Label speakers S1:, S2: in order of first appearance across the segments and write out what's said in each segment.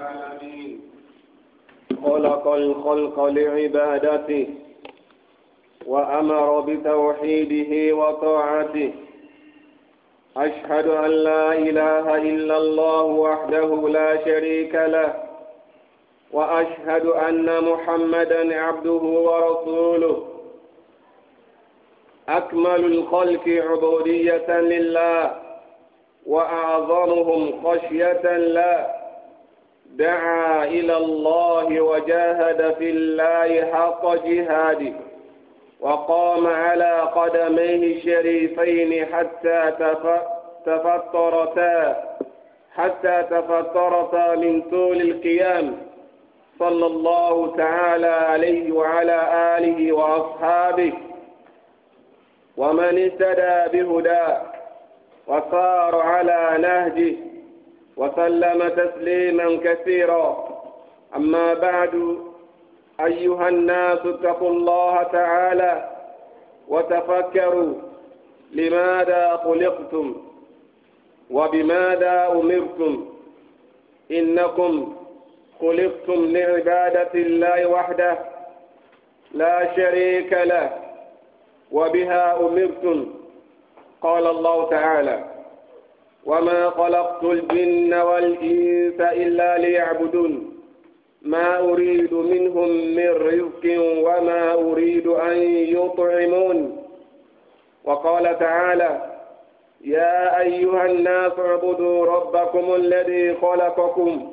S1: العالمين خلق الخلق لعبادته وأمر بتوحيده وطاعته أشهد أن لا إله إلا الله وحده لا شريك له وأشهد أن محمدا عبده ورسوله أكمل الخلق عبودية لله وأعظمهم خشية له دعا إلى الله وجاهد في الله حق جهاده وقام على قدميه الشريفين حتى تفطرتا حتى تفطرتا من طول القيام صلى الله تعالى عليه وعلى آله وأصحابه ومن اهتدى بهداه وسار على نهجه وسلم تسليما كثيرا أما بعد أيها الناس اتقوا الله تعالى وتفكروا لماذا خلقتم وبماذا أمرتم إنكم خلقتم لعبادة الله وحده لا شريك له وبها أمرتم قال الله تعالى وما خلقت الجن والإنس إلا ليعبدون ما أريد منهم من رزق وما أريد أن يطعمون وقال تعالى يا أيها الناس اعبدوا ربكم الذي خلقكم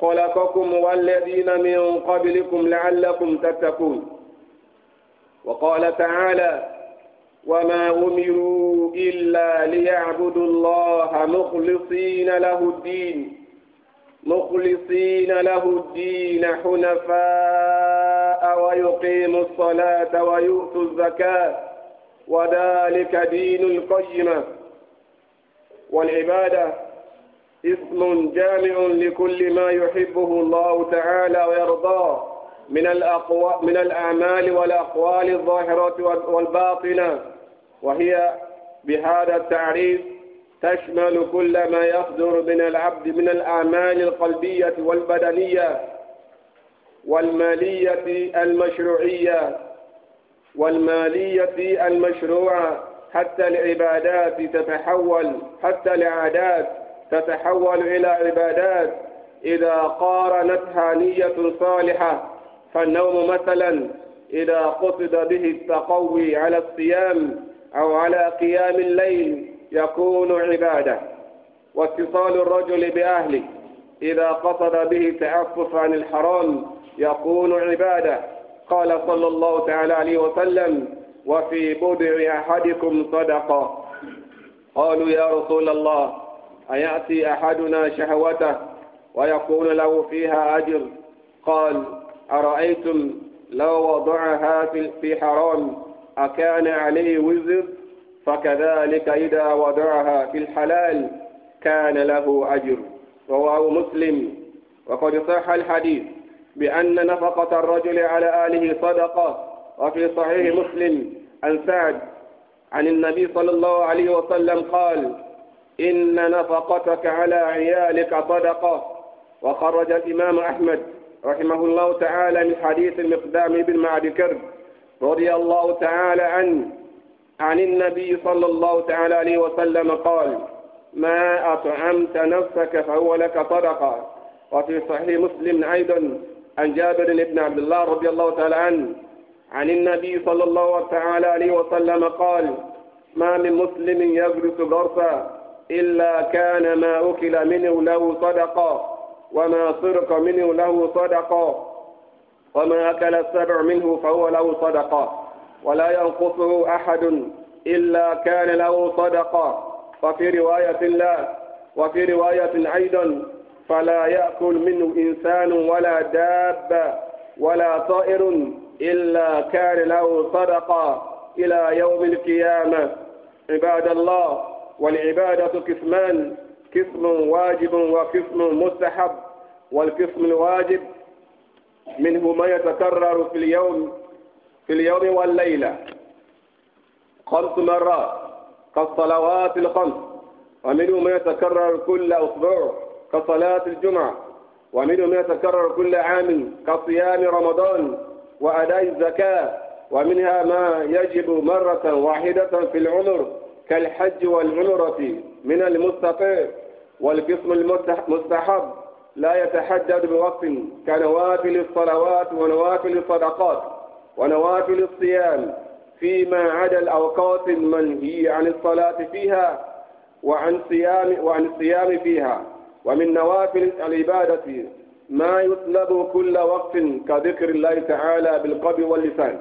S1: خلقكم والذين من قبلكم لعلكم تتقون وقال تعالى وما أمروا إلا ليعبدوا الله مخلصين له الدين مخلصين له الدين حنفاء ويقيموا الصلاة ويؤتوا الزكاة وذلك دين القيمة والعبادة اسم جامع لكل ما يحبه الله تعالى ويرضاه من الأقوى من الأعمال والأقوال الظاهرة والباطنة وهي بهذا التعريف تشمل كل ما يصدر من العبد من الأعمال القلبية والبدنية والمالية المشروعية والمالية المشروعة حتى العبادات تتحول حتى العادات تتحول إلى عبادات إذا قارنتها نية صالحة فالنوم مثلا إذا قصد به التقوي على الصيام أو على قيام الليل يكون عبادة واتصال الرجل بأهله إذا قصد به التعفف عن الحرام يكون عبادة قال صلى الله تعالى عليه وسلم وفي بضع أحدكم صدقة قالوا يا رسول الله أيأتي أحدنا شهوته ويكون له فيها أجر قال أرأيتم لو وضعها في حرام أكان عليه وزر فكذلك إذا وضعها في الحلال كان له أجر رواه مسلم وقد صح الحديث بأن نفقة الرجل على آله صدقة وفي صحيح مسلم عن سعد عن النبي صلى الله عليه وسلم قال إن نفقتك على عيالك صدقة وخرج الإمام أحمد رحمه الله تعالى من حديث المقدام بن معد كرب رضي الله تعالى عنه عن النبي صلى الله تعالى عليه وسلم قال ما أطعمت نفسك فهو لك صدقة وفي صحيح مسلم أيضا عن جابر بن عبد الله رضي الله تعالى عنه عن النبي صلى الله تعالى عليه وسلم قال ما من مسلم يغرس غرسا إلا كان ما أكل منه له صدقة وما سرق منه له صدقة وما أكل السبع منه فهو له صدقة ولا ينقصه أحد إلا كان له صدقة وفي رواية لا وفي رواية أيضا فلا يأكل منه إنسان ولا داب ولا طائر إلا كان له صدقة إلى يوم القيامة عباد الله والعبادة قسمان قسم واجب وقسم مستحب والقسم الواجب منه ما يتكرر في اليوم في اليوم والليلة خمس مرات كالصلوات الخمس ومنه ما يتكرر كل أسبوع كصلاة الجمعة ومنه ما يتكرر كل عام كصيام رمضان وأداء الزكاة ومنها ما يجب مرة واحدة في العمر كالحج والعمرة من المستقر والقسم المستحب لا يتحدد بوقت كنوافل الصلوات ونوافل الصدقات ونوافل الصيام فيما عدا الأوقات المنهي عن الصلاة فيها وعن صيام وعن الصيام فيها ومن نوافل العبادة ما يطلب كل وقت كذكر الله تعالى بالقلب واللسان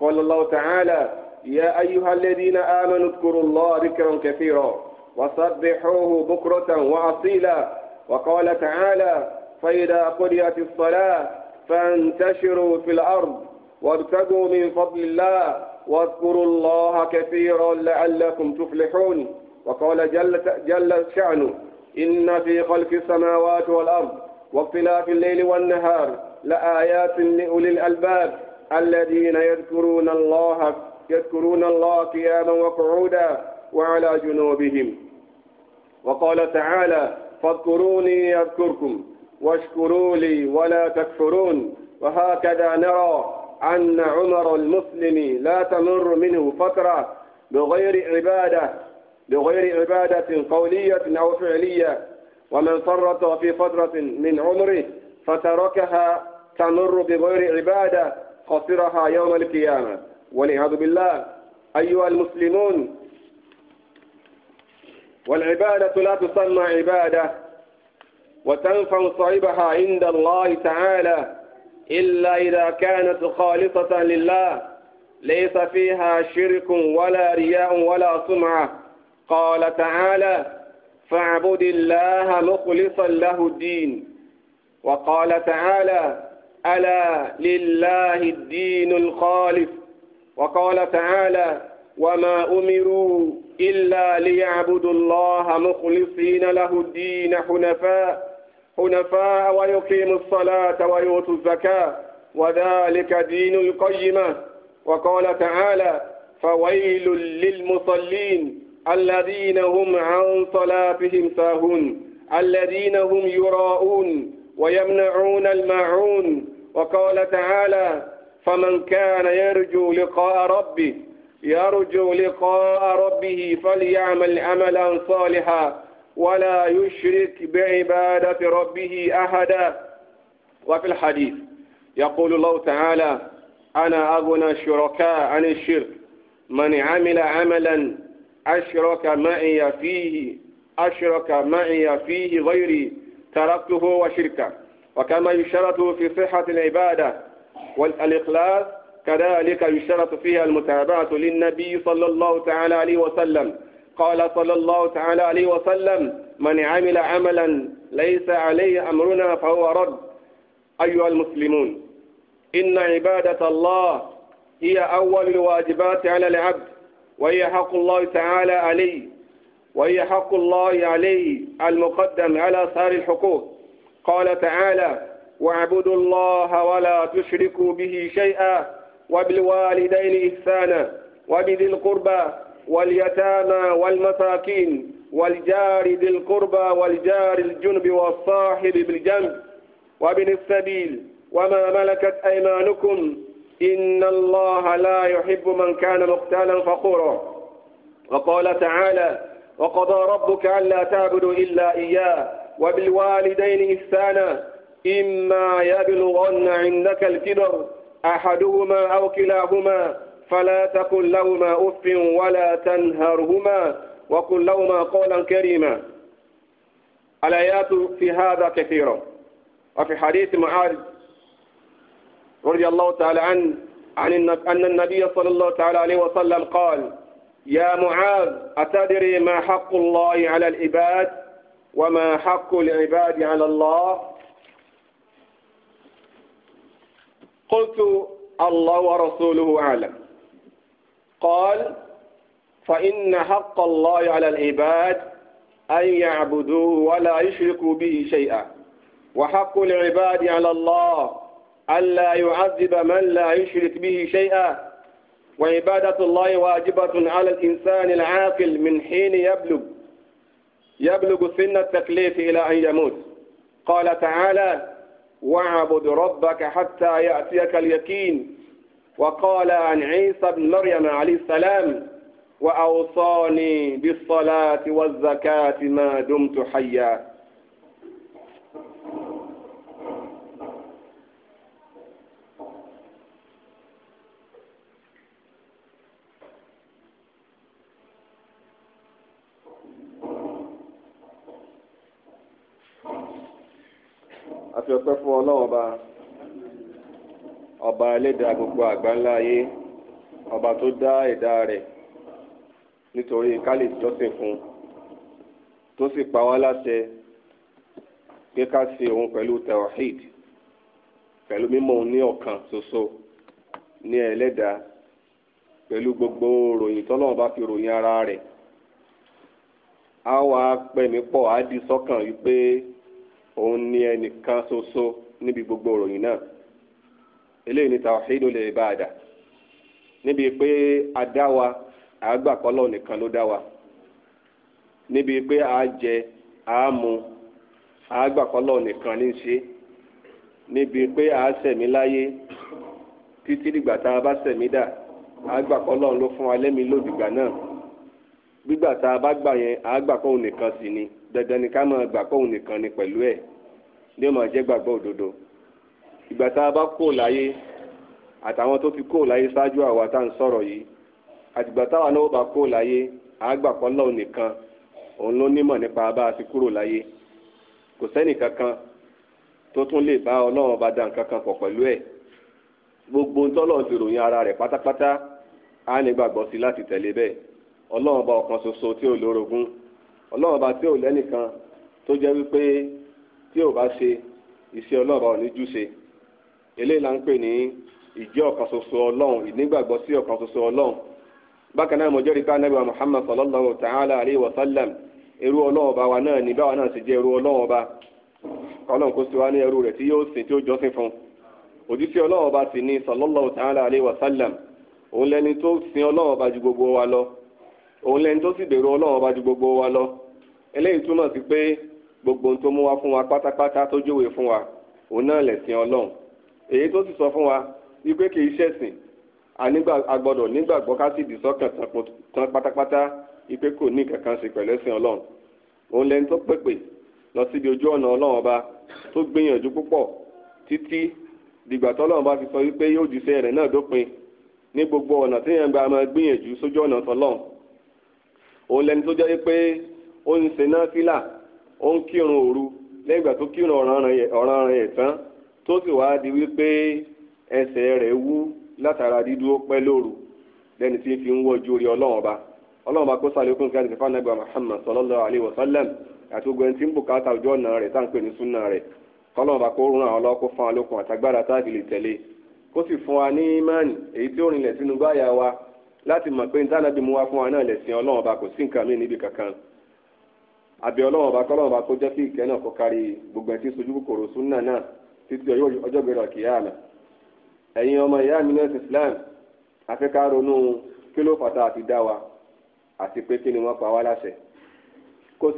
S1: قال الله تعالى يا أيها الذين آمنوا اذكروا الله ذكرا كثيرا وسبحوه بكرة وأصيلا وقال تعالى فإذا قضيت الصلاة فانتشروا في الأرض وابتغوا من فضل الله واذكروا الله كثيرا لعلكم تفلحون وقال جل, جل شأنه إن في خلق السماوات والأرض واختلاف الليل والنهار لآيات لأولي الألباب الذين يذكرون الله يذكرون الله قياما وقعودا وعلى جنوبهم وقال تعالى فاذكروني يذكركم واشكروا لي ولا تكفرون وهكذا نرى أن عمر المسلم لا تمر منه فترة بغير عبادة بغير عبادة قولية أو فعلية ومن فرط في فترة من عمره فتركها تمر بغير عبادة خسرها يوم القيامة والعياذ بالله أيها المسلمون والعبادة لا تسمى عبادة وتنفع صاحبها عند الله تعالى إلا إذا كانت خالصة لله ليس فيها شرك ولا رياء ولا سمعة قال تعالى فاعبد الله مخلصا له الدين وقال تعالى ألا لله الدين الخالص وقال تعالى وما أمروا إلا ليعبدوا الله مخلصين له الدين حنفاء حنفاء ويقيموا الصلاة ويؤتوا الزكاة وذلك دين القيمة وقال تعالى فويل للمصلين الذين هم عن صلاتهم ساهون الذين هم يراءون ويمنعون الماعون وقال تعالى فمن كان يرجو لقاء ربه يرجو لقاء ربه فليعمل عملا صالحا ولا يشرك بعبادة ربه أحدا وفي الحديث يقول الله تعالى أنا أغنى الشركاء عن الشرك من عمل عملا أشرك معي فيه أشرك معي فيه غيري تركته وشركه وكما يشرط في صحة العبادة والإخلاص كذلك يشترط فيها المتابعة للنبي صلى الله تعالى عليه وسلم قال صلى الله تعالى عليه وسلم من عمل عملا ليس عليه أمرنا فهو رد أيها المسلمون إن عبادة الله هي أول الواجبات على العبد وهي حق الله تعالى عليه وهي حق الله عليه المقدم على سائر الحقوق قال تعالى واعبدوا الله ولا تشركوا به شيئا وبالوالدين إحسانا وبذي القربى واليتامى والمساكين والجار ذي القربى والجار الجنب والصاحب بالجنب وابن السبيل وما ملكت أيمانكم إن الله لا يحب من كان مختالا فخورا وقال تعالى وقضى ربك ألا تعبدوا إلا إياه وبالوالدين إحسانا إما يبلغن عندك الكبر أحدهما أو كلاهما فلا تقل لهما أف ولا تنهرهما وقل لهما قولا كريما الآيات في هذا كثيرة وفي حديث معاذ رضي الله تعالى عنه عن أن النبي صلى الله تعالى عليه وسلم قال يا معاذ أتدري ما حق الله على العباد وما حق العباد على الله قلت الله ورسوله أعلم قال فإن حق الله على العباد أن يعبدوه ولا يشركوا به شيئا وحق العباد على الله ألا يعذب من لا يشرك به شيئا وعبادة الله واجبة على الإنسان العاقل من حين يبلغ يبلغ سن التكليف إلى أن يموت قال تعالى واعبد ربك حتى يأتيك اليقين وقال عن عيسى بن مريم عليه السلام وأوصاني بالصلاة والزكاة ما دمت حيا dúpẹ́ fún ọlọ́run ọba ọba ẹlẹ́dàá gbogbo àgbáńlá ayé ọba tó dá ẹ̀dá rẹ̀ nítorí ká lè jọ́sìn fún un tó sì pa wá láṣẹ pé ká ṣe òun pẹ̀lú tawhid pẹ̀lú mímọ̀ òun ní ọ̀kan ṣoṣo ní ẹlẹ́dàá pẹ̀lú gbogbo ròyìn tọ́lọ́run bá fi ròyìn ara rẹ̀ á wàá pẹ̀mí pọ̀ á di sọ́kàn wípé. So òun ni ẹnìkan soso níbi gbogbo ìròyìn náà eléyìí ni tawhidul ibada níbi pé a dá wa àgbà kọ́lọ̀ nìkan ló dá wa níbi pé a jẹ a mu àgbà kọ́lọ̀ nìkan ní ṣe níbi pé a ṣẹ̀mí láyé títí dìgbà tá a bá ṣẹ̀mí dà àgbà kọ́lọ̀ ló fún wa lẹ́mìí lòdìgbà náà gbígbà tá a bá gbà yẹn àgbà kọ́hún nìkan sì ni. dandan ni ká máa gbà pọ̀ òun nìkan ni pẹ̀lú ẹ̀ ní ó máa jẹ́ gbàgbọ́ òdodo ìgbà tá a bá kó láyé àtàwọn tó ti kó láyé ṣáájú àwa tá à ń sọ̀rọ̀ yìí àtìgbà táwa náà ó bá kó láyé àágbàpọ̀ lọ́wọ́ nìkan òun ló nímọ̀ nípa bá a ti kúrò láyé kò sẹ́nì kankan tó tún lè bá ọlọ́run bá da nǹkan pọ̀ pẹ̀lú ẹ̀ gbogbo ń tọ́lọ̀ ti ròyìn ara rẹ̀ pátápátá á ní gbàgbọ́ sí láti tẹ̀lé bẹ́ẹ̀ ọlọ́run bá ọkàn ṣoṣo tí ò lórogún ọlọ́run ọba tí ò lẹ́nìkan tó jẹ́ wípé tí ò bá ṣe iṣẹ́ ọlọ́run ọba ò ní júṣe eléyìí là ń pè ní ìjẹ́ ọ̀kan ṣoṣo ọlọ́run ìnígbàgbọ́ sí ọ̀kan ṣoṣo ọlọ́run bákan náà mo jẹ́rìí pé anábìwá muhammad sallallahu ta'ala alayhi wa sallam ẹrú ọlọ́run ọba wa náà ní báwa náà ṣe jẹ́ ẹrú ọlọ́run ọba ọlọ́run kò sí wa ní ẹrú rẹ̀ tí yóò sìn tí ó jọ́sìn fún òjíṣẹ́ ọlọ́run ọba sì ní sallallahu ta'ala alayhi wa sallam òun lẹni tó sin ọlọ́run ọba ju gbogbo wa lọ òun lẹni tó sì bẹ̀rù ọlọ́run ọba ju gbogbo wa lọ eléyìí túmọ̀ sí pé gbogbo ohun tó mú wa fún wa pátápátá tó júwe fún wa òun náà lẹ̀sìn ọlọ́run èyí tó sì sọ fún wa wípé kì í ṣẹ̀sìn agbọ́dọ̀ nígbàgbọ́ ká sì dì sọ́kàn tán pátápátá wípé kò ní kankan ṣe pẹ̀lú ẹ̀sìn ọlọ́run òun lẹni tó pèpè lọ síbi ojú ọ̀nà ọlọ́run ọba tó gbìyànjú púpọ̀ títí dìgbà tọ́lọ́run bá fi sọ wípé yóò jíṣẹ́ rẹ̀ náà dópin ní gbogbo ọ̀nà tí yẹn gba máa gbìyànjú sójú ọ̀nà tọ́lọ́run òun lẹni tó jẹ́ pé ó ń ṣe náfìlà ó ń kírun òru lẹ́yìn ìgbà tó kírun ọ̀ràn rẹ̀ tán tó sì wá di wípé ẹsẹ̀ rẹ̀ wú látara dídúró pẹ́ lóru lẹ́ni tí ń fi ń wọ́jú orí ọlọ́run ọba ọlọ́run kó sàlékún kí Muhammad tí ń bùkátà ojú ọ̀nà rẹ̀ tá ń pè ní súnà rẹ̀ kọ́lọ́run kó rún àwọn fún alókun tẹ̀lé kó sì wa láti mọ̀ pé ntánàbí mú wá fún wa náà lẹ̀sìn ọlọ́run ọba kò sí nǹkan mí níbi kankan àbí ọlọ́run ọba kọ́lọ́run ọba kó jẹ́ kí ìkẹ́ náà kó kárí gbogbo ẹ̀ tí sojú kòkòrò súnà náà títí ọjọ́ ẹ̀yin ọmọ ìyá mi náà Islam afẹ́ ronú kí ló fàtà àti dá wa àti pé kí ni wọ́n pa wá láṣẹ kò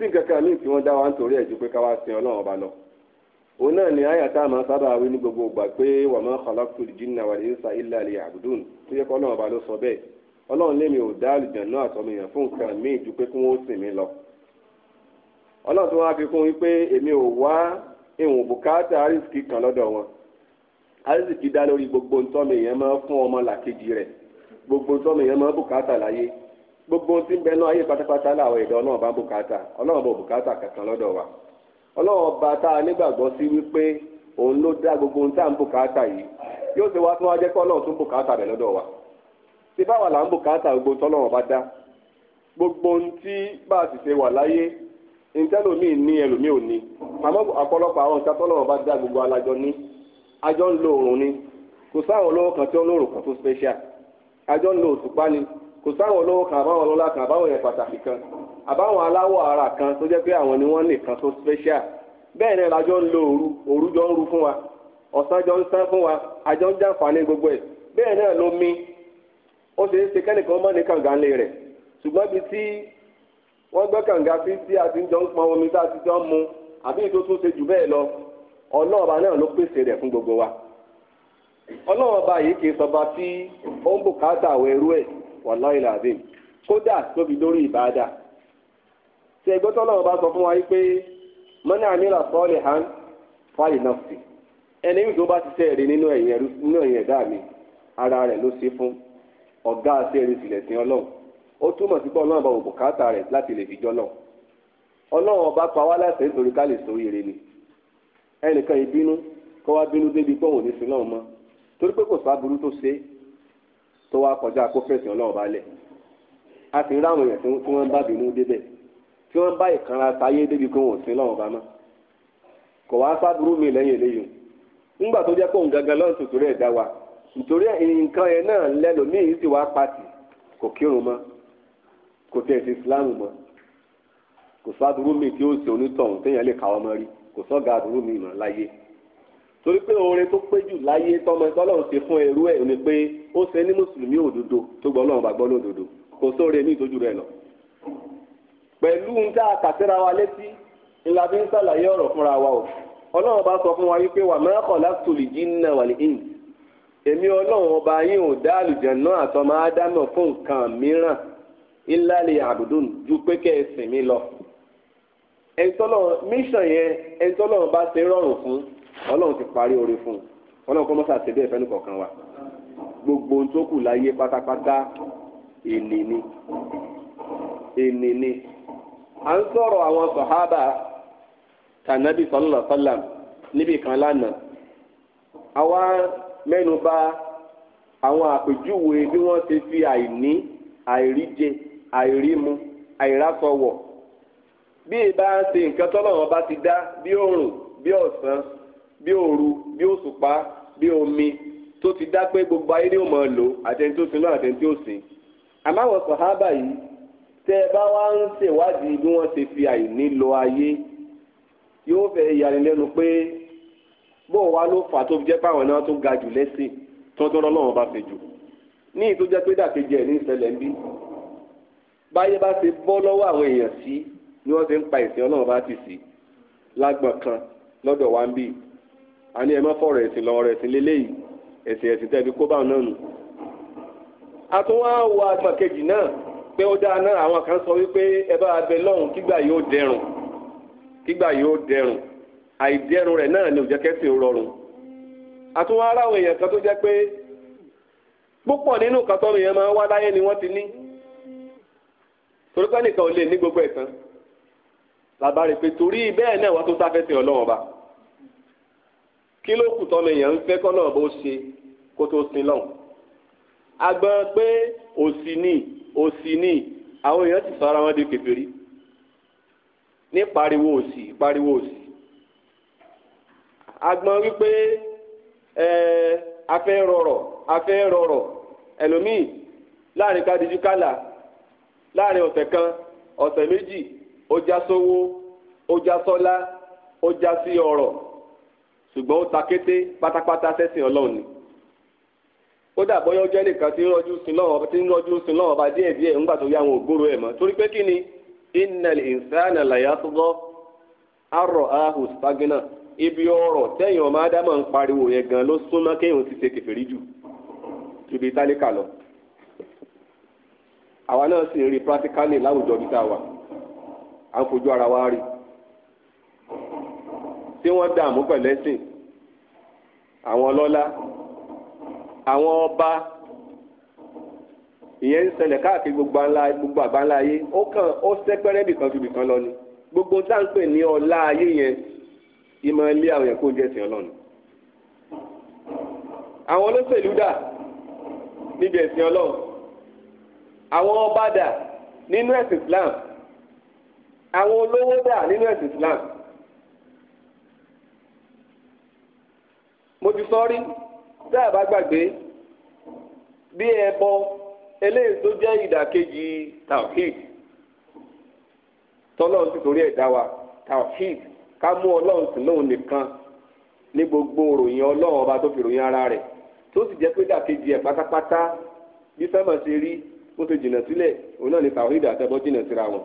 S1: a máa sábà wí ní gbogbo ìgbà wa ọlọ́run lémi ò dá àlùjànnú àtọmọ èèyàn fún nǹkan ju pé kí wọ́n lọ ọlọ́run tó wá fi kún wípé èmi ò wá ìwọ̀n bùkátà kan lọ́dọ̀ wọn àrísìkì dá gbogbo ntọ́mọ èèyàn máa fún ọmọ làkejì rẹ̀ gbogbo máa bùkátà gbogbo ń bẹ náà ayé pátápátá láwọn ìdá ọlọ́run bá bùkátà ọlọ́run bùkátà kankan lọ́dọ̀ wa ọlọ́run ọba tá ṣe báwa là ń bùkátà gbogbo tọ́lọ́wọ́n bá dá gbogbo ohun tí bá a sì ṣe wà láyé ìtẹ́lómìn ní ẹlòmíì ò ní àmọ́ ọ̀pọ̀lọpọ̀ àwọn ìta bá dá gbogbo alájọ ní àjọ ń lo ni kò sáwọn olówó kan tí special ń lo ni kò sáwọn olówó kan kan àbáwọn yẹn pàtàkì kan àbáwọn aláwọ̀ ara kan tó jẹ́ pé àwọn ni wọ́n nìkan tó special bẹ́ẹ̀ ni àjọ ń lo òru òru jọ ń fún wa ọ̀sán jọ fún wa ń gbogbo ẹ̀ bẹ́ẹ̀ ló ó ṣe é ṣe kẹ́nìkan mọ́ ní kànga rẹ̀ ṣùgbọ́n ibi tí wọ́n kànga sí tí a ti ń jọ ń pọn omi tá a ti jọ ń mu àbí ṣe lọ ọlọ́ọ̀ba náà ló pèsè rẹ̀ fún gbogbo wa ọlọọba yìí kì í sọba tí ó ń bùkátà àwọ̀ ẹrú ẹ̀ wàláhì làbí kódà tóbi lórí sọ fún wa yìí pé mọ́nà àmìlà sọ́ọ̀lì hàn fáyì náà sí ẹni tó bá ti ṣe ọ̀gá àṣẹrin ìsìlẹ̀ sí ọlọ́run ó túmọ̀ sí pé ọlọ́run bá wò bùkátà rẹ̀ láti lè fi náà ọlọ́run ọba pa wá láṣẹ nítorí ká lè ire ni ẹnìkan ìbínú kó wá bínú débi pé òun ò ní náà mọ́ torí pé kò tó ṣe tó wá kọjá kó fẹ̀sìn ọlọ́run a sì ń ráwọn èèyàn tí wọ́n ń bá bínú débẹ̀ tí wọ́n ń bá ìkanra débi nítorí nǹkan yẹn náà lẹ́lòmíì sì wá pàtì kò kírun mọ́ kò tẹ̀ sí Islam mọ́ kò sádùrú mi tí ó ṣe onítọ̀hún téèyàn lè káwọ́ mọ́ rí kò sọ́gà àdúrú mi mọ́ láyé torí pé oore tó pé jù láyé tọmọ tọlọ́run ṣe fún ẹrú ẹ̀ ni pé ó ṣe ní mùsùlùmí òdodo tó gbọ́ Ọlọ́run bá gbọ́ lódodo kò sóore ní ìtọ́jú rẹ̀ lọ. pẹ̀lú ń dá àkàtẹ́ra wa létí ńlá fi ń ṣàlàyé ọ̀rọ̀ fúnra wa o Ọlọ́run bá sọ fún wa wípé wà mẹ́kànlá tòlì jí ń nà wà ní ìyìn èmi ọlọ́run ọba yín ò dá àlùjànnà àtọmọ ádámọ̀ fún nǹkan mìíràn ìlàlẹ̀ àbùdùn ju pé kẹ́ ẹ sìn mí lọ. míṣàn yẹn ẹni tọ́lọ́run bá ṣe rọrùn fún ọlọ́run ti parí oore fún un ọlọ́run kọ́ mọ́sà ṣe bẹ́ẹ̀ fẹ́nu kọ̀ọ̀kan wa gbogbo ohun tó kù láyé pátápátá ènì ni ènì ni à ń sọ̀rọ̀ àwọn sọ̀hábà tànàbí sọ́lọ́lọ́ sọ́làm níbì kan lánàá àwa mẹ́nu bà àwọn àpèjúwe bí wọ́n ti fi àìní àìríjẹ àìrímu àìrásọwọ̀ bí ìbá ń ṣe nǹkan tọ́lọ́wọ́n bá ti dá bí òrùn bí ọ̀sán bí òru bí òṣùpá bí omi tó ti dá pé gbogbo ayé ni ó mọ̀ lò àtẹni tó sin náà àtẹni tó sin àmọ́ àwọn sàhábà yìí tẹ́ ẹ bá wá ń ṣèwádìí bí wọ́n ṣe fi àìní lo ayé yóò fẹ́ ìyànilẹ́nu pé bó wa ló fà tó jẹ́ pé àwọn náà tún ga jù lẹ́sìn tí wọ́n tún rọ́lọ́wọ́n bá fẹ́ jù ní ìtó jẹ́ pé dàkejì ẹ̀ ní ìṣẹ̀lẹ̀ ń bí báyé bá ṣe bọ́ lọ́wọ́ àwọn èèyàn sí ni wọ́n ṣe ń pa ìsìn ọlọ́run bá ti sí lágbọ̀n kan lọ́dọ̀ wa ń bì a ní ẹ má fọ̀rọ̀ ẹ̀sìn lọ́wọ́ rẹ̀ ẹ̀sìn lélẹ́yìí ẹ̀sìn ẹ̀sìn tẹ́bi kó báwọn náà nù. a tún wá wo àgbọ̀n kejì náà pé ó dáa náà àwọn kan sọ wípé ẹ bá abẹ lọ́hùn kígbà yóò dẹrùn kígbà yóò dẹrùn àìdẹ́rùn rẹ̀ náà ni òjẹ́kẹ́sìn rọrùn àtúnwá ara àwọn èèyàn kan tó jẹ́ pé púpọ̀ nínú nǹkan tọ́nu yẹn máa ń wá láyé ni wọ́n ti ní torí pé nìkan ò lè ní gbogbo ẹ̀tàn làbá rè pé torí bẹ́ẹ̀ náà wọ́n tó sáfẹ́sìn ọlọ́run ọba kí ló kù tọ́nu èèyàn ń fẹ́ kọ́ náà bó ṣe kó tó sin lọ́hùn agbọ́n pé òsì ni òsì ni àwọn èèyàn ti sọ ara wọn di kèfèrí ní pariwo òsì pariwo òsì agbọn wípé ẹ afẹ́ rọrọ afẹ́ rọrọ̀ ẹlòmíì láàrin kadiju kálà láàrin ọ̀sẹ̀ kan ọ̀sẹ̀ méjì ó sọwọ sí ṣùgbọ́n ó ta kété pátápátá sẹ́sìn ọlọ́run ni kódà bóyá jẹ́ nìkan tí ń rọ́jú sin lọ́wọ́ díẹ̀ torí pé kí ni gbọ ibi ọ̀rọ̀ tẹ́yìn ọmọ ádámà ń pariwo yẹn gan ló súnmọ́ kéèyàn ti ṣe kẹfẹ́rí jù ibi tálíkà lọ àwa náà sì ń rí practically láwùjọ bí tá a wà à ń fojú ara wa rí tí wọ́n dààmú pẹ̀lú ẹ̀sìn àwọn ọlọ́lá àwọn ọba ìyẹn ń ṣẹlẹ̀ káàkiri gbogbo àgbáńlá gbogbo àgbáńlá ayé ó kàn ó sẹ́pẹ́rẹ́ bìkan ju bìkan lọ ni gbogbo tá à ń pè ní ọlá ayé yẹn ìmọ̀ ilé àwọn ẹ̀kọ́ oúnjẹ sìn ọlọ́run àwọn olóṣèlú dà níbi ẹ̀sìn ọlọ́run àwọn ọba dà nínú ẹ̀sìn Islam àwọn olówó dà nínú ẹ̀sìn Islam mo ti sọ rí tá a bá gbàgbé bí ẹbọ eléyìí tó jẹ́ ìdàkejì tawhid tọ́lọ́run sì torí ẹ̀ dá wa tawhid ká mú ọlọ́run sí lóun nìkan ní gbogbo ròyìn ọlọ́run ọba tó fi ròyìn ara rẹ̀ tó sì jẹ́ pé dàkejì ẹ̀ pátápátá bí sábà ṣe rí ó ti jìnnà sílẹ̀ òun náà ní tàwíìdì àtẹ̀bọ́ jìnnà síra wọn.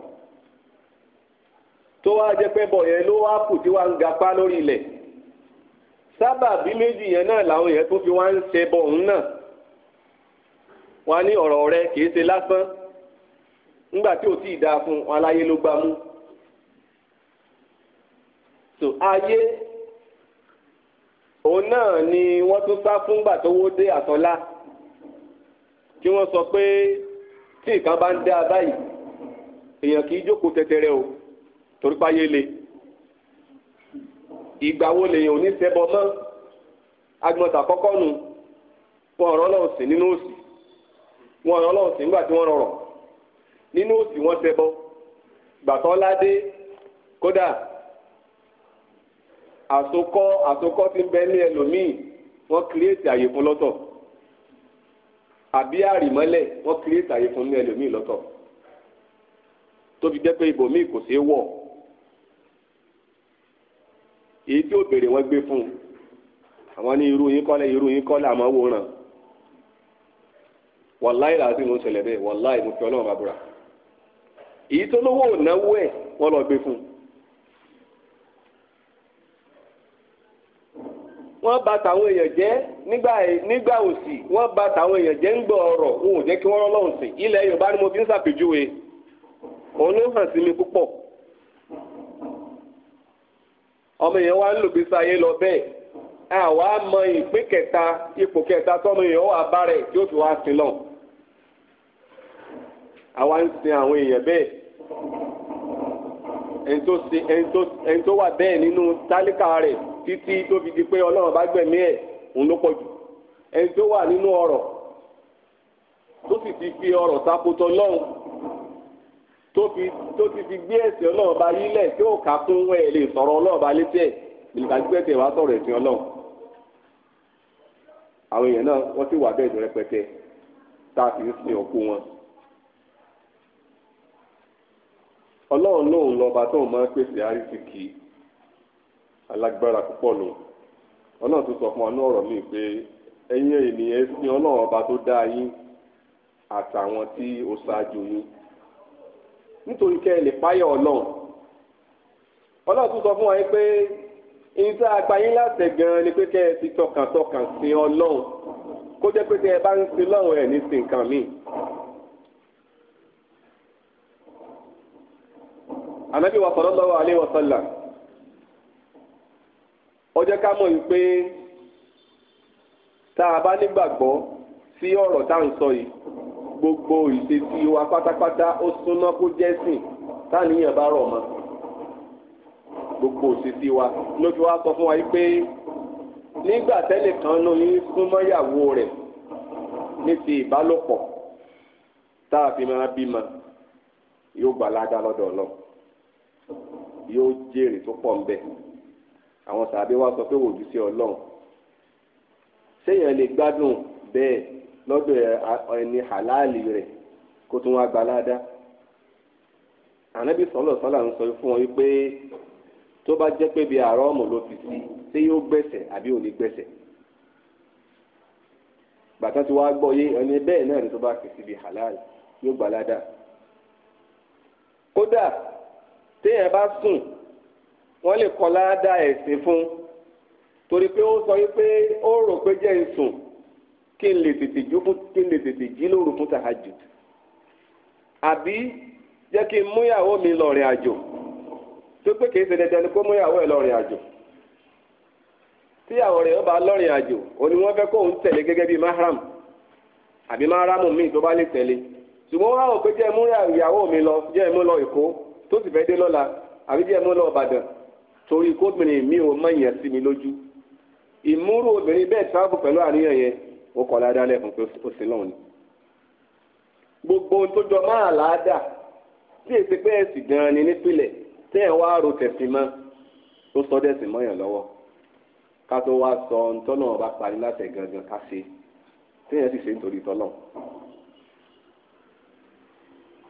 S1: tó wá jẹ́ pé bọ̀ yẹn ló wá kù tí wàá ń gapá lórí ilẹ̀ sábà bí méjì yẹn náà làwọn yẹn tó fi wá ń ṣe bọ̀ òun náà wọ́n ní ọ̀rọ̀ rẹ̀ kì í ṣe lásán nígbà tí ò tí ì dáa fún wọn aláyé ló gbámú so ayé òun náà ni wọ́n tún sá fúngbà tó wó dé àtọ́lá kí wọ́n sọ pé tí nǹkan bá ń dá a báyìí èèyàn kì í jókòó tẹtẹrẹ o torí páyé le ìgbà wo lèèyàn ò ní ṣẹbọ mọ́ agbọ̀ntà kọ́kọ́ nu wọn ọ̀rọ̀ náà sì nínú òsì wọn ọ̀rọ̀ náà sì nígbà tí wọ́n rọrọ̀ nínú òsì wọ́n ṣẹbọ gbàtọ́ kódà àsokọ́ àsokọ́ ti ń bẹ ní ẹlòmíì wọ́n kírètì àyè fún lọ́tọ̀ àbí wọn wọ́n kírètì àyè fún ní ẹlòmíì lọ́tọ̀ tóbi jẹ́ pé ibòmíì kò ṣeé wọ̀ èyí tí ó béèrè gbé fún un àwọn ní irú yín kọ́lẹ̀ irú yín kọ́lẹ̀ àmọ́ wàláì làásì ló ń ṣẹlẹ̀ bẹ́ẹ̀ wàláì mo fi ọlọ́run èyí tó lówó ò náwó ẹ̀ lọ gbé fún wọ́n bà tàwọn èèyàn jẹ́ nígbà nígbà òsì wọ́n bà tàwọn èèyàn wọn ò jẹ́ kí wọ́n rọ́lọ́run sìn ilẹ̀ Yorùbá ni mo fi ń òun ló hàn sí mi púpọ̀ ọmọ èèyàn wa ń lò lọ àwa mọ ìpín kẹta ipò kẹta tọmọ èèyàn wà bá tí ó fi wá sí lọ àwa ń sin àwọn èèyàn ẹni tó títí tó fi di pé ọlọ́run bá gbẹ̀mí ẹ̀ òun ló pọ̀ jù ẹni tó wà nínú ọ̀rọ̀ tó sì ti fi ọ̀rọ̀ takotọ lọ́hùn tó ti fi gbé ẹ̀sìn ọlọ́run bá yílẹ̀ tí ó kà fún ẹ̀ lè sọ̀rọ̀ ọlọ́run bá létí ẹ̀ nígbà tí pẹ̀tẹ̀ wá sọ̀rọ̀ ẹ̀sìn ọlọ́run àwọn èèyàn náà wọ́n sì wà bẹ́ẹ̀ ní rẹpẹtẹ tá a sì ń sin òkú wọn. ọlọ́run náà ń lọ bá tóun máa ń pèsè àrísìkì alágbára púpọ̀ ni ọlọ́run tó sọ fún wa ní ọ̀rọ̀ mi pé ẹ̀yin ènìyàn sin ọlọ́run ọba tó dá yín àtàwọn tí ó ṣáájú yín nítorí kẹ́ ẹ lè páyọ̀ ọlọ́run ọlọ́run tó sọ fún wa yín pé ìyìn tá a gba yín láṣẹ gan-an ni pé kẹ́ ẹ ti tọkàntọkàn sí ọlọ́run kó jẹ́ pé tẹ́ ẹ bá ń sin lọ́run ẹ̀ ní sin nǹkan míì. ànábì wa sallallahu alaihi wa ọjọ́ ká mọ̀ wípé tá a bá nígbàgbọ́ sí ọ̀rọ̀ tá à ń sọ yìí gbogbo ìṣesí wa pátápátá ó súná kó jẹ́sìn táníyàn bá rọ̀ mọ́ gbogbo òṣìṣì wa ló fi wá sọ fún wa pé nígbà tẹ́lẹ̀ kan ló ní súnmọ́ ìyàwó rẹ̀ ní ti ìbálòpọ̀ tá a fi máa bímọ yóò gbà ládàá lọ́dọ̀ ọlọ́ yóò jèrè tó pọ̀ ń bẹ́ẹ̀ àwọn sàbí wa sọ pé wò ojú sí ọlọ́run séèyàn lè gbádùn bẹ́ẹ̀ lọ́dọ̀ ẹni hàláàlì rẹ̀ kó tún wá gbalada ànábì sọlọ sọlá ń sọ fún wọn wípé tó bá jẹ́ pé bíi àárọ̀ ọmọ ló fi sí ṣé yóò gbẹ̀sẹ̀ àbí ò ní gbẹ̀sẹ̀ bàtà tí wàá gbọ́ yé ẹni bẹ́ẹ̀ náà ni tó bá fi síbi halal yóò gbalada kódà téèyàn bá sùn wọ́n lè kọ́ láádá ẹ̀sìn fún torí pé ó sọ wípé ó rò pé jẹ́ ń kí n lè tètè jú fún kí n lè tètè jí lóru fún àbí jẹ́ kí n múyàwó mi lọ rìn àjò tó pé kìí ṣe dandan ni kó múyàwó lọ rìn àjò tíyàwó rẹ̀ bá lọ rìn àjò ní wọ́n fẹ́ kó òun tẹ̀lé gẹ́gẹ́ bíi torí kóbìnrin mi ò mọ ìyẹn sí mi lójú ìmúrò obìnrin bẹ́ẹ̀ táàbù pẹ̀lú àníyàn yẹn ó kọ́ ládàá lẹ́kùn pé ó sì lọ́hùn ni gbogbo ohun tó jọ máa làádà tí èsì pé ẹ̀sìn gan-an ni nípìnlẹ̀ tí ẹ̀ wá ro tẹ̀sìn mọ́ tó sọ dẹ̀sìn mọ́yàn lọ́wọ́ ká tó wá sọ ohun tọ́nà ọba parí láti gangan ká ṣe tí ẹ̀ sì ṣe nítorí tọ́nà.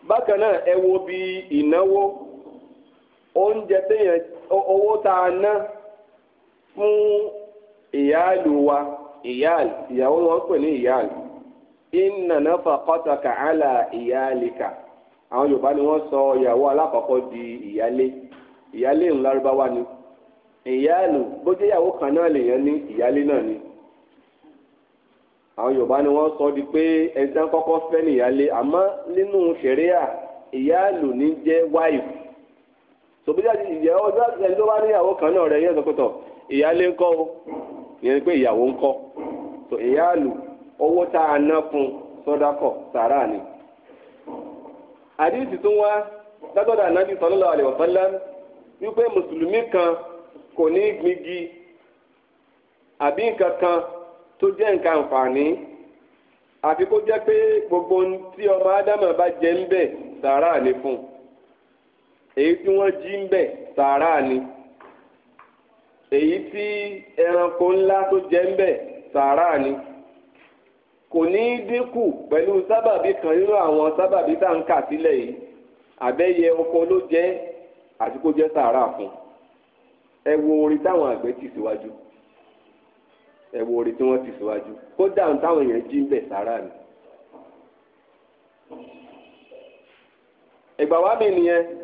S1: bákan náà ẹ wo bí ìnáwó oúnjẹ téèyàn owó tá a ná fún ìyáàlú wa ìyáàlú ìyàwó wọn pè ní ìyáàlú inna nafaqataka ala ìyáàlíkà àwọn yorùbá ni wọ́n sọ ìyàwó alákọ̀ọ́kọ́ di ìyálé ìyálé ń lárúbáwá ni ìyáàlú bó jẹ́ ìyàwó kan náà lèèyàn ní ìyálé náà ni àwọn yorùbá ni wọ́n sọ di pé ẹni tí wọ́n kọ́kọ́ fẹ́ ní ìyálé àmọ́ nínú ṣẹ̀ríà ìyáàlú ní jẹ́ wáìfù sọ̀bíjà ndị ìyẹ́ ọjọ́ ẹni tó bá níyàwó o owó tá a ná fún sọ́dákọ̀ sàrà ni. àdìsí tún wá wípé mùsùlùmí kan kò ní gbígi àbí nǹkan kan tó nǹkan àǹfààní àfi gbogbo ọmọ ádámà bá jẹ ń sàrà fún èyí tí wọ́n jí ń bẹ̀ sàárà ni èyí tí ẹranko ńlá tó jẹ ń bẹ̀ sàárà ni kò ní í dínkù pẹ̀lú sábàbí kan nínú àwọn sábàbí tá à ń kà sílẹ̀ yìí àbẹ́yẹ ọkọ ló jẹ́ àti kó jẹ́ sàárà fún ẹ wo orin táwọn àgbẹ̀ tì síwájú ẹ wo orin tí wọ́n tì síwájú kódà táwọn èèyàn jí ń bẹ̀ sàárà ni. ìgbà wa mi nìyẹn.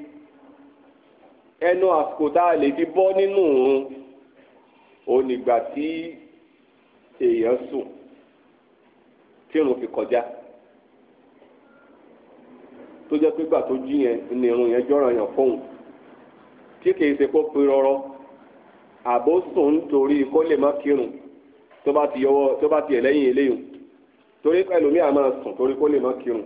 S1: ẹnu àsìkò tá a lè fi bọ́ nínú òun onígbà tí èèyàn sùn tí irun fi kọjá tó jẹ́ pé gbà tó jí yẹn ni irun yẹn jọ́ràn yàn fóun tí kìí ṣe kó pe rọrọ àbó sùn nítorí kó lè má kírun tó bá ti yọwọ́ tó bá ti ẹ̀ lẹ́yìn eléyìí torí pẹ̀lú mi àmọ́ sùn torí kó lè má kírun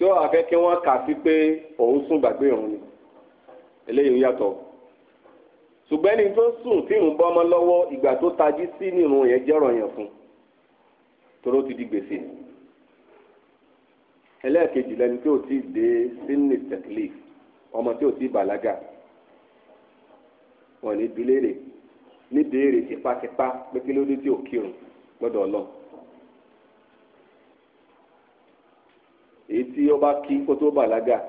S1: tí ó àfẹ́ kí wọ́n kà sí pé òun sùn gbàgbé òun ni eléyìí yàtọ̀ ṣùgbọ́n ẹni tó sùn tí ìrùn bọ́ ọmọ lọ́wọ́ ìgbà tó tají sí nírun yẹn jẹ́rọ̀ yẹn fún toró ti di gbèsè ẹlẹ́ẹ̀kejì lẹni tí ò tí ì dé sínú tẹ̀klif ọmọ tí ò tí ì bàlágà wọn ní bilére ní béèrè tipátipá pé kí ló dé tí ò kírun gbọ́dọ̀ Ọlọ́run èyí tí kí kó tó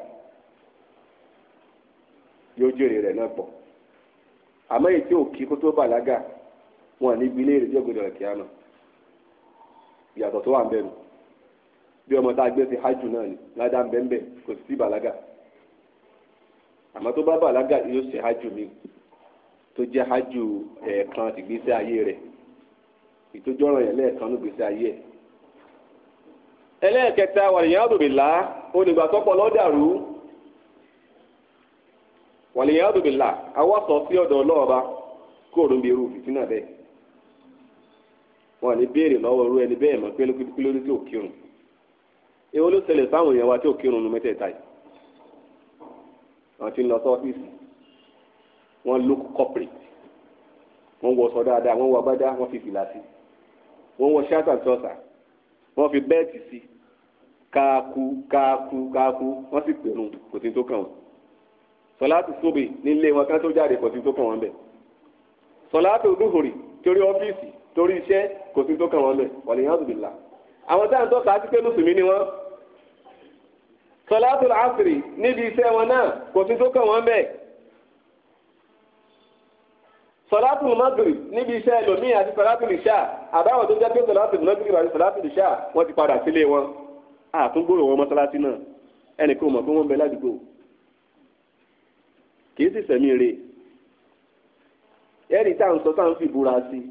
S1: yóò jèrè rẹ̀ náà pọ̀ àmọ́ èyí tí ò kí kó tó ní ibi ilé ìrètí ògbódò rẹ̀ kíá tó wà ń bẹ̀rù bí ọmọ tá a gbé ti hajj náà ni ládà ń bẹ́ńbẹ́ kò sí balaga tó bá balaga yóò ṣe hajj mi tó jẹ́ hajj ẹ̀ẹ̀kan tìgbésí ayé rẹ̀ ìtójọ́ràn yẹn lẹ́ẹ̀kan ló gbèsè ayé ẹlẹ́ẹ̀kẹta wàlìyàn àdùbìlá onígbà tọ́pọ̀ lọ́dàrú wàlìyàn àdùbìlá awọ́sọ sí ọ̀dọ̀ ọlọ́ọ̀ba kó o lóun bí irú fìtínà bẹ́ẹ̀ wọn ní béèrè lọ́wọ́ irú ẹni bẹ́ẹ̀ mọ̀ pé lórí tí ò kírun èwo ló ṣẹlẹ̀ sáwọn èèyàn wa tí ò kírun nu mẹ́tẹ̀ẹ̀ta yìí àwọn tí ń lọ sọ́fíìsì wọ́n look corporate wọ́n wọ sọ dáadáa wọ́n wọ agbádá wọ́n fi fìlà sí wọ́n wọ ṣáàtà wọ́n fi bẹ́ẹ̀tì sí i káàkú káàkú káàkú wọ́n sì pèrún kò sí tó kàn wọ́n sọláàtù sóbè nílé wọn kán tó jáde kò sí tó kàn wọ́n bẹ̀ sọláàtù dúhùrì torí ọ́fíìsì torí iṣẹ́ kò sí tó kàn wọ́n bẹ̀ wọ̀lẹ̀ yẹn ọ̀dùnmí la àwọn táwọn tó kà á sí pé mùsùlùmí ni wọ́n sọláàtù àṣírí níbi iṣẹ́ wọn náà kò sí tó kàn wọ́n bẹ̀ sọláàtù maghrib níbi iṣẹ́ ẹlòmíì àti sọláàtù ìṣà àbáwọn tó jẹ́ pé sọláàtù maghrib àti sọláàtù ìṣà wọ́n ti padà sílé wọn àtúngbòrò wọn mọ́sálásí náà ẹnìkan mọ̀ pé wọ́n ń bẹ ládùúgbò kì í sì sẹ̀mí re ẹ̀rí tá à ń sọ tá à ń fi búra sí i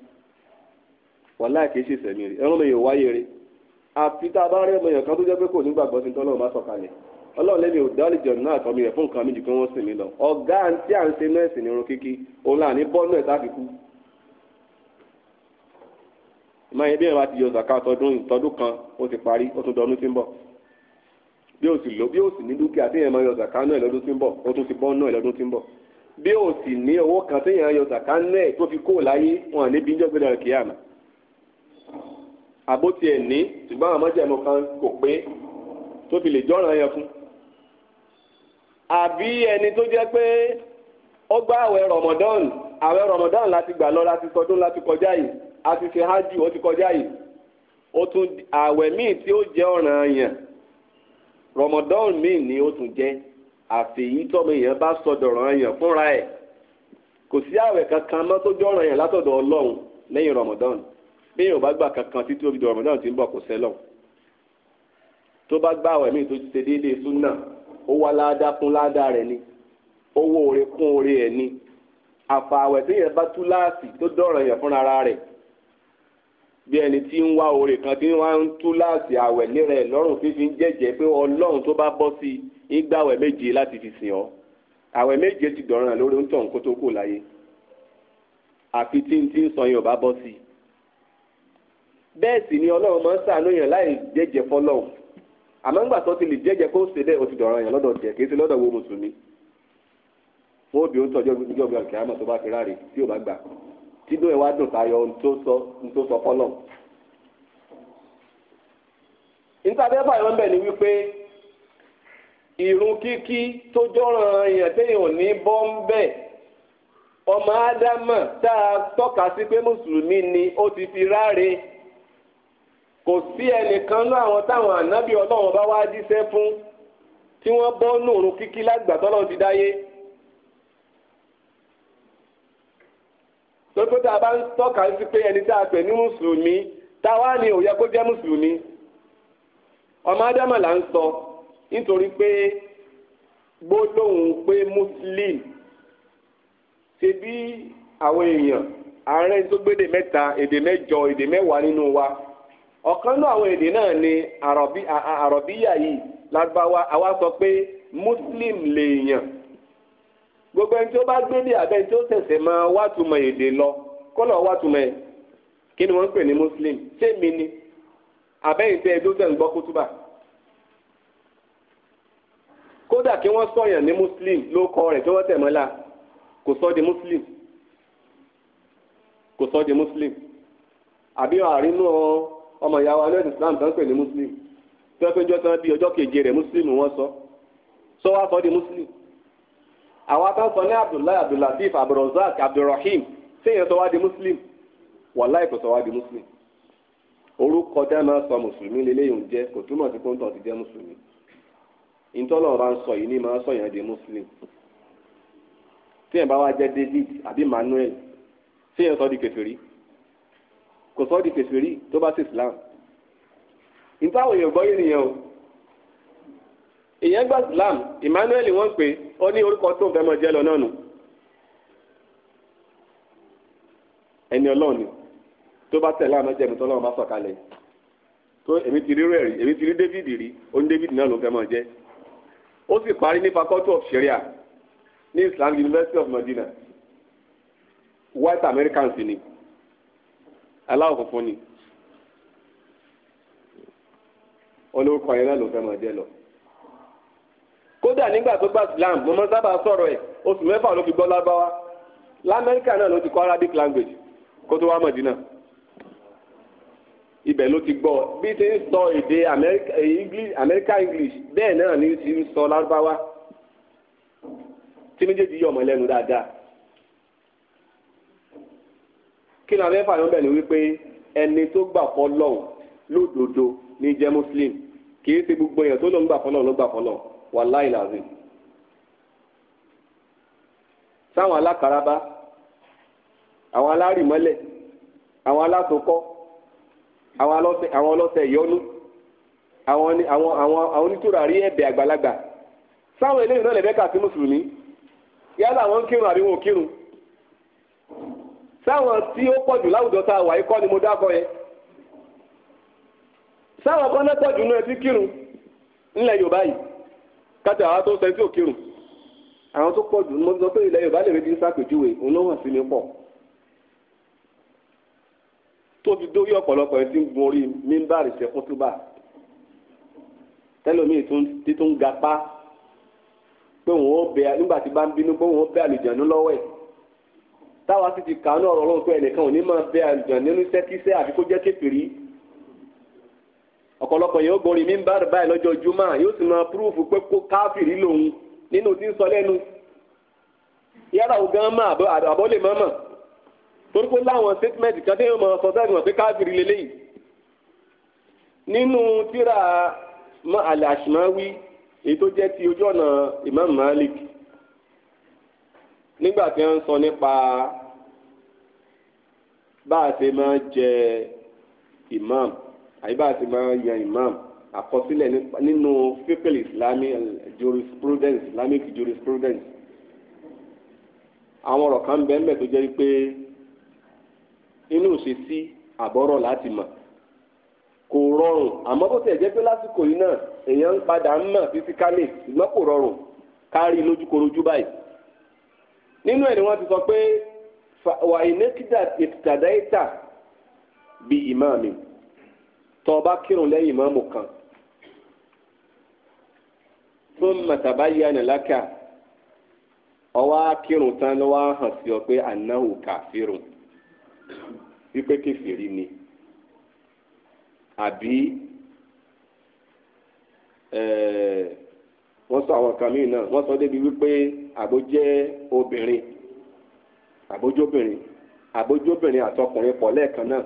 S1: wàláì kì í sì sẹ̀mí re ẹ̀rọ mi yóò wáyé re àfi tá a bá rẹ́ mọ̀yàn kan tó jẹ́ pé kò ní gbàgbọ́ sí tọ́lọ́run bá sọ̀kalẹ̀ ọlọ́run lẹ́mi ò dálè jọ̀ọ́ náà àtọ́mi rẹ̀ fún nǹkan méjì kí wọ́n sìn mí lọ ọ̀gá àǹtí à ń ṣe nọ́ọ̀sì ní irun kíkí òun là ní bọ́ọ̀nù ẹ̀ tá ìmọ̀ye bí ẹ̀rọ àti yọ zaka tọdún ìtọ́dún kan ó ti parí ó tún dọdún tí ń bọ̀ bí ó sì lò bí ó sì ní dúkìá tí èèyàn máa yọ zaka náà lọ́dún tí ń bọ̀ ó tún ti bọ́ náà lọ́dún tí ń bọ̀ bí ó sì ní owó kan tí èèyàn yọ zaka náà tó fi kó láyé wọn níbi níjọ́ gbẹdọ̀ kí àmà àbó tiẹ̀ ní ṣùgbọ́n àwọn mọ́jẹ̀mú kan kò pé tó fi lè jọ́ràn yẹn fún àbí ẹni tó jẹ́ pé ó gbá àwẹ̀ Ramadan àwẹ̀ Ramadan láti gbà lọ láti sọdún láti kọjá yìí a ti ṣe hajj ó ti kọjá yìí ó tún ààwẹ̀ míì tí ó jẹ́ ọ̀ranyàn Ramadan míì ni ó tún jẹ́ àfẹ̀yí tọ́mọ èèyàn bá sọdọ̀ ọ̀ranyàn fúnra ẹ̀ kò sí ààwẹ̀ kankan mọ́ tó jẹ́ ọ̀ranyàn látọ̀dọ̀ Ọlọ́run lẹ́yìn Ramadan bí èèyàn bá gbà kankan títí ó fi di Ramadan tí ń bọ̀ kò sẹ́lọ̀ tó bá gbà ààwẹ̀ míì tó ti ṣe déédéé súnà ó wá ládàá kún ládàá rẹ̀ ni owó oore kún oore ẹ̀ ni àfààwẹ̀ tó yẹn bá tú tó dọ̀rọ̀ yẹn fúnra rẹ̀ bí ẹni tí ń wá oore kan tí wọ́n ń tú láàsì àwẹ̀ lérè lọ́rùn fífi ń jẹ́jẹ́ pé ọlọ́run tó bá bọ́ sí i ń gbàwẹ̀ méje láti fi sìn ọ́ àwẹ̀ méje ti dọ̀ràn lórí ń tàn kó tó kù láyé àfi tí ń tí ń sọ yẹn ò bá bọ́ sí i bẹ́ẹ̀ sì ni ọlọ́run máa ń ṣàánú yàn láì jẹ́jẹ́ fọlọ́run àmọ́ ńgbà tó ti lè jẹ́jẹ́ kó ṣe bẹ́ẹ̀ ó ti dọ̀ràn yàn lọ́dọ̀ tẹ̀ kì í ṣe lọ́dọ̀ wo mùsùlùmí wọn ò ó ń tọ́jọ́ gbígbọ́ gbàgbé àmọ́ tó bá fi ráre tí ò bá gbà tínú ẹ̀ wá dùn tayọ ntó sọ fọlọ. ntàdébà yọ̀ ń bẹ̀ ni wípé ìrun kíkí tó jọ́ràn èèyàn téèyàn ní bọ́ńbẹ́ ọmọ ádámà tá a tọ́ka sí pé mùsùlùmí ni ó ti fi ráre kò sí ẹnìkan ní àwọn táwọn ànábì ọlọ́run bá wá jíṣẹ́ fún tí wọ́n bọ́ nùrùn kíkí lágbàtọ́ lọ́run ti dáyé. tótó tá a bá ń tọ́ka sí pé ẹni tá a pè ní mùsùlùmí tá a wá ní òye kó jẹ́ mùsùlùmí ọmọ ádámà là ń sọ nítorí pé gbólóhùn pé muslim ṣe bí àwọn èèyàn àárín tó gbédè mẹ́ta èdè mẹ́jọ èdè mẹ́wàá nínú wa ọ̀kan náà àwọn èdè náà ni àrọ̀bíyà yìí lágbáwá àwa sọ pé muslim lèèyàn. gbogbo ẹni tí ó bá gbé dé abẹ́ tí ó ṣẹ̀ṣẹ̀ máa wá túmọ̀ èdè lọ kó lọ́ọ́ wá túmọ̀ ẹ̀ kí ni wọ́n ń pè ní muslim ṣé mi ni abẹ́yìn tẹ́ ẹjọ́ tẹ̀ ń gbọ́ kútúbà kódà kí wọn sọyàn ní muslim ló kọ rẹ tí wọ́n tẹ̀ mọ́lá kò sọ di muslim kò sọ di muslim àbí àrínú ọmọ ìyàwó alẹ́ islam tó ń pè ní muslim tí wọ́n fi ń jọ́ sọ bí ọjọ́ keje rẹ muslim wọn sọ sọ wá sọ di muslim. àwọn atánsọ ní abdullahi abdullatif abdulrasaq abdulrahim sèyàn sọ wá muslim wàláì kò sọ muslim orúkọ tẹ́ máa sọ mùsùlùmí lélẹ́yìn ń jẹ́ kò túmọ̀ sí pé ń tọ́ ti jẹ́ mùsùlùmí ìtọ́lọ̀ bá ń sọ yìí ní máa sọ yẹn di muslim sèyàn bá wá jẹ́ david àbí manuel sèyàn sọ di kèfèrí kò sọ di kèfèrí tó bá sí islam ìtàwọn èèyàn gbọ́ yìí nìyẹn o èèyàn gba islam emmanuel wọ́n pè é ó ní orúkọ tó ń fẹ́ mọ jẹ́ lọ náà nù ẹni ọlọ́run ni tó bá tẹ̀lé àná jẹ́mi tó ọlọ́run bá sọ̀kalẹ̀ tó èmi ti rí rẹ̀ rí èmi ti rí David rí ó ní David náà ló fẹ́ mọ jẹ́ ó sì parí ní faculty of Sharia ní Islam University of Medina white Americans ni aláwọ̀ funfun ni olórúkọ yẹn náà ló fẹ́ mọ jẹ́ lọ. kódà nígbà tó gba Islam mo máa sábà sọ̀rọ̀ ẹ̀ oṣù mẹ́fà ló fi gbọ́ lábáwá lamẹ́ríkà náà ló ti kọ Arabic language kó tó wá Mọ̀dínà ibẹ̀ ló ti gbọ́ bí ti ń sọ èdè eh, English bẹ́ẹ̀ náà ni ti ń sọ lárúbáwá tí méjèèjì yọ ọmọ lẹ́nu dáadáa kí ni ni wípé ẹni tó gbà Muslim kì í ṣe gbogbo èèyàn tó lọ́n gbà wàláì làzim sáwọn alákàrábá àwọn alárìmọ́lẹ̀ àwọn àwọn ọlọ́sẹ̀ àwọn ọlọ́sẹ̀ ìyọnu àwọn àwọn àwọn àwọn rí ẹ̀bẹ̀ àgbàlagbà sáwọn eléyìí náà lẹ́bẹ̀ẹ́ kà mùsùlùmí yálà wọn wọn ò kírun sáwọn tí ó a wà ikọ́ ni mo dákọ̀ yẹn sáwọn pọ̀jù náà ti kírun ńlẹ̀ Yorùbá yìí kájà àwọn tó sẹ́ńtì òkèrùn àwọn tó pọ̀ jù mo sọ pé ilẹ̀ Yorùbá lè rí bí sàpèjúwe òun ló hàn sí mi pọ̀ tó fi dórí ọ̀pọ̀lọpọ̀ ẹ̀ tí ń gun orí mímbàrì sẹ́kún tó bá tẹ́lómìí tí tó ń gapá pé òun ó bẹ nígbà tí bá ń bínú pé òun ó bẹ àlùjànnú lọ́wọ́ ẹ̀ táwa sì ti kàánú ọ̀rọ̀ ọlọ́run pé ẹnìkan ò ní máa bẹ àlùjànnú níṣẹ́ kíṣẹ́ àfi jẹ́ kékeré ọ̀pọ̀lọpọ̀ yóò gorí mímbàrì báyìí lọ́jọ́ jumá yóò sì máa púrúfù pé káfìrí lòun nínú tí ń sọ lẹ́nu yàrá ògán mọ́ àbọ̀lẹ̀ mọ́mọ́ torí pé láwọn statement kan tí yóò máa sọ sẹ́yìn wọn pé káfìrí lélẹ́yìí nínú tíra mọ́ àlẹ́ àṣìmáwí èyí tó jẹ́ ti ojú ọ̀nà Imam Malik nígbà tí wọ́n ń sọ nípa bá a ṣe máa jẹ imam àyíbá àti máa yan imam àkọsílẹ̀ nínú fiqh islamic eh, jurisprudence islamic jurisprudence àwọn ọ̀rọ̀ kan bẹ́ẹ̀ mẹ́ẹ̀ tó jẹ́ pé inú ìṣesí àbọ̀rọ̀ láti mọ̀ kò rọrùn àmọ́ bó tiẹ̀ jẹ́ pé lásìkò yìí náà èèyàn ń padà ń mọ̀ fisikálì ṣùgbọ́n kò rọrùn kárí lójúkorojú báyìí nínú ẹ̀ ni wọ́n ti sọ pé wàhínékìdà ìtàdáìtà bíi ìmáàmì. tó o bá kírun lẹ́yìn ìmáàmù kan thumma tabayyana laka ọwọ́ akírun tán ló wá hàn sí ọ pé annahu kafirun wípé kèfèrí ni àbí wọ́n sọ àwọn kan míì náà wọ́n sọ débi wípé àbójẹ́ obìnrin àbójóbìnrin àbójóbìnrin àtọkùnrin pọ̀ lẹ́ẹ̀kan náà.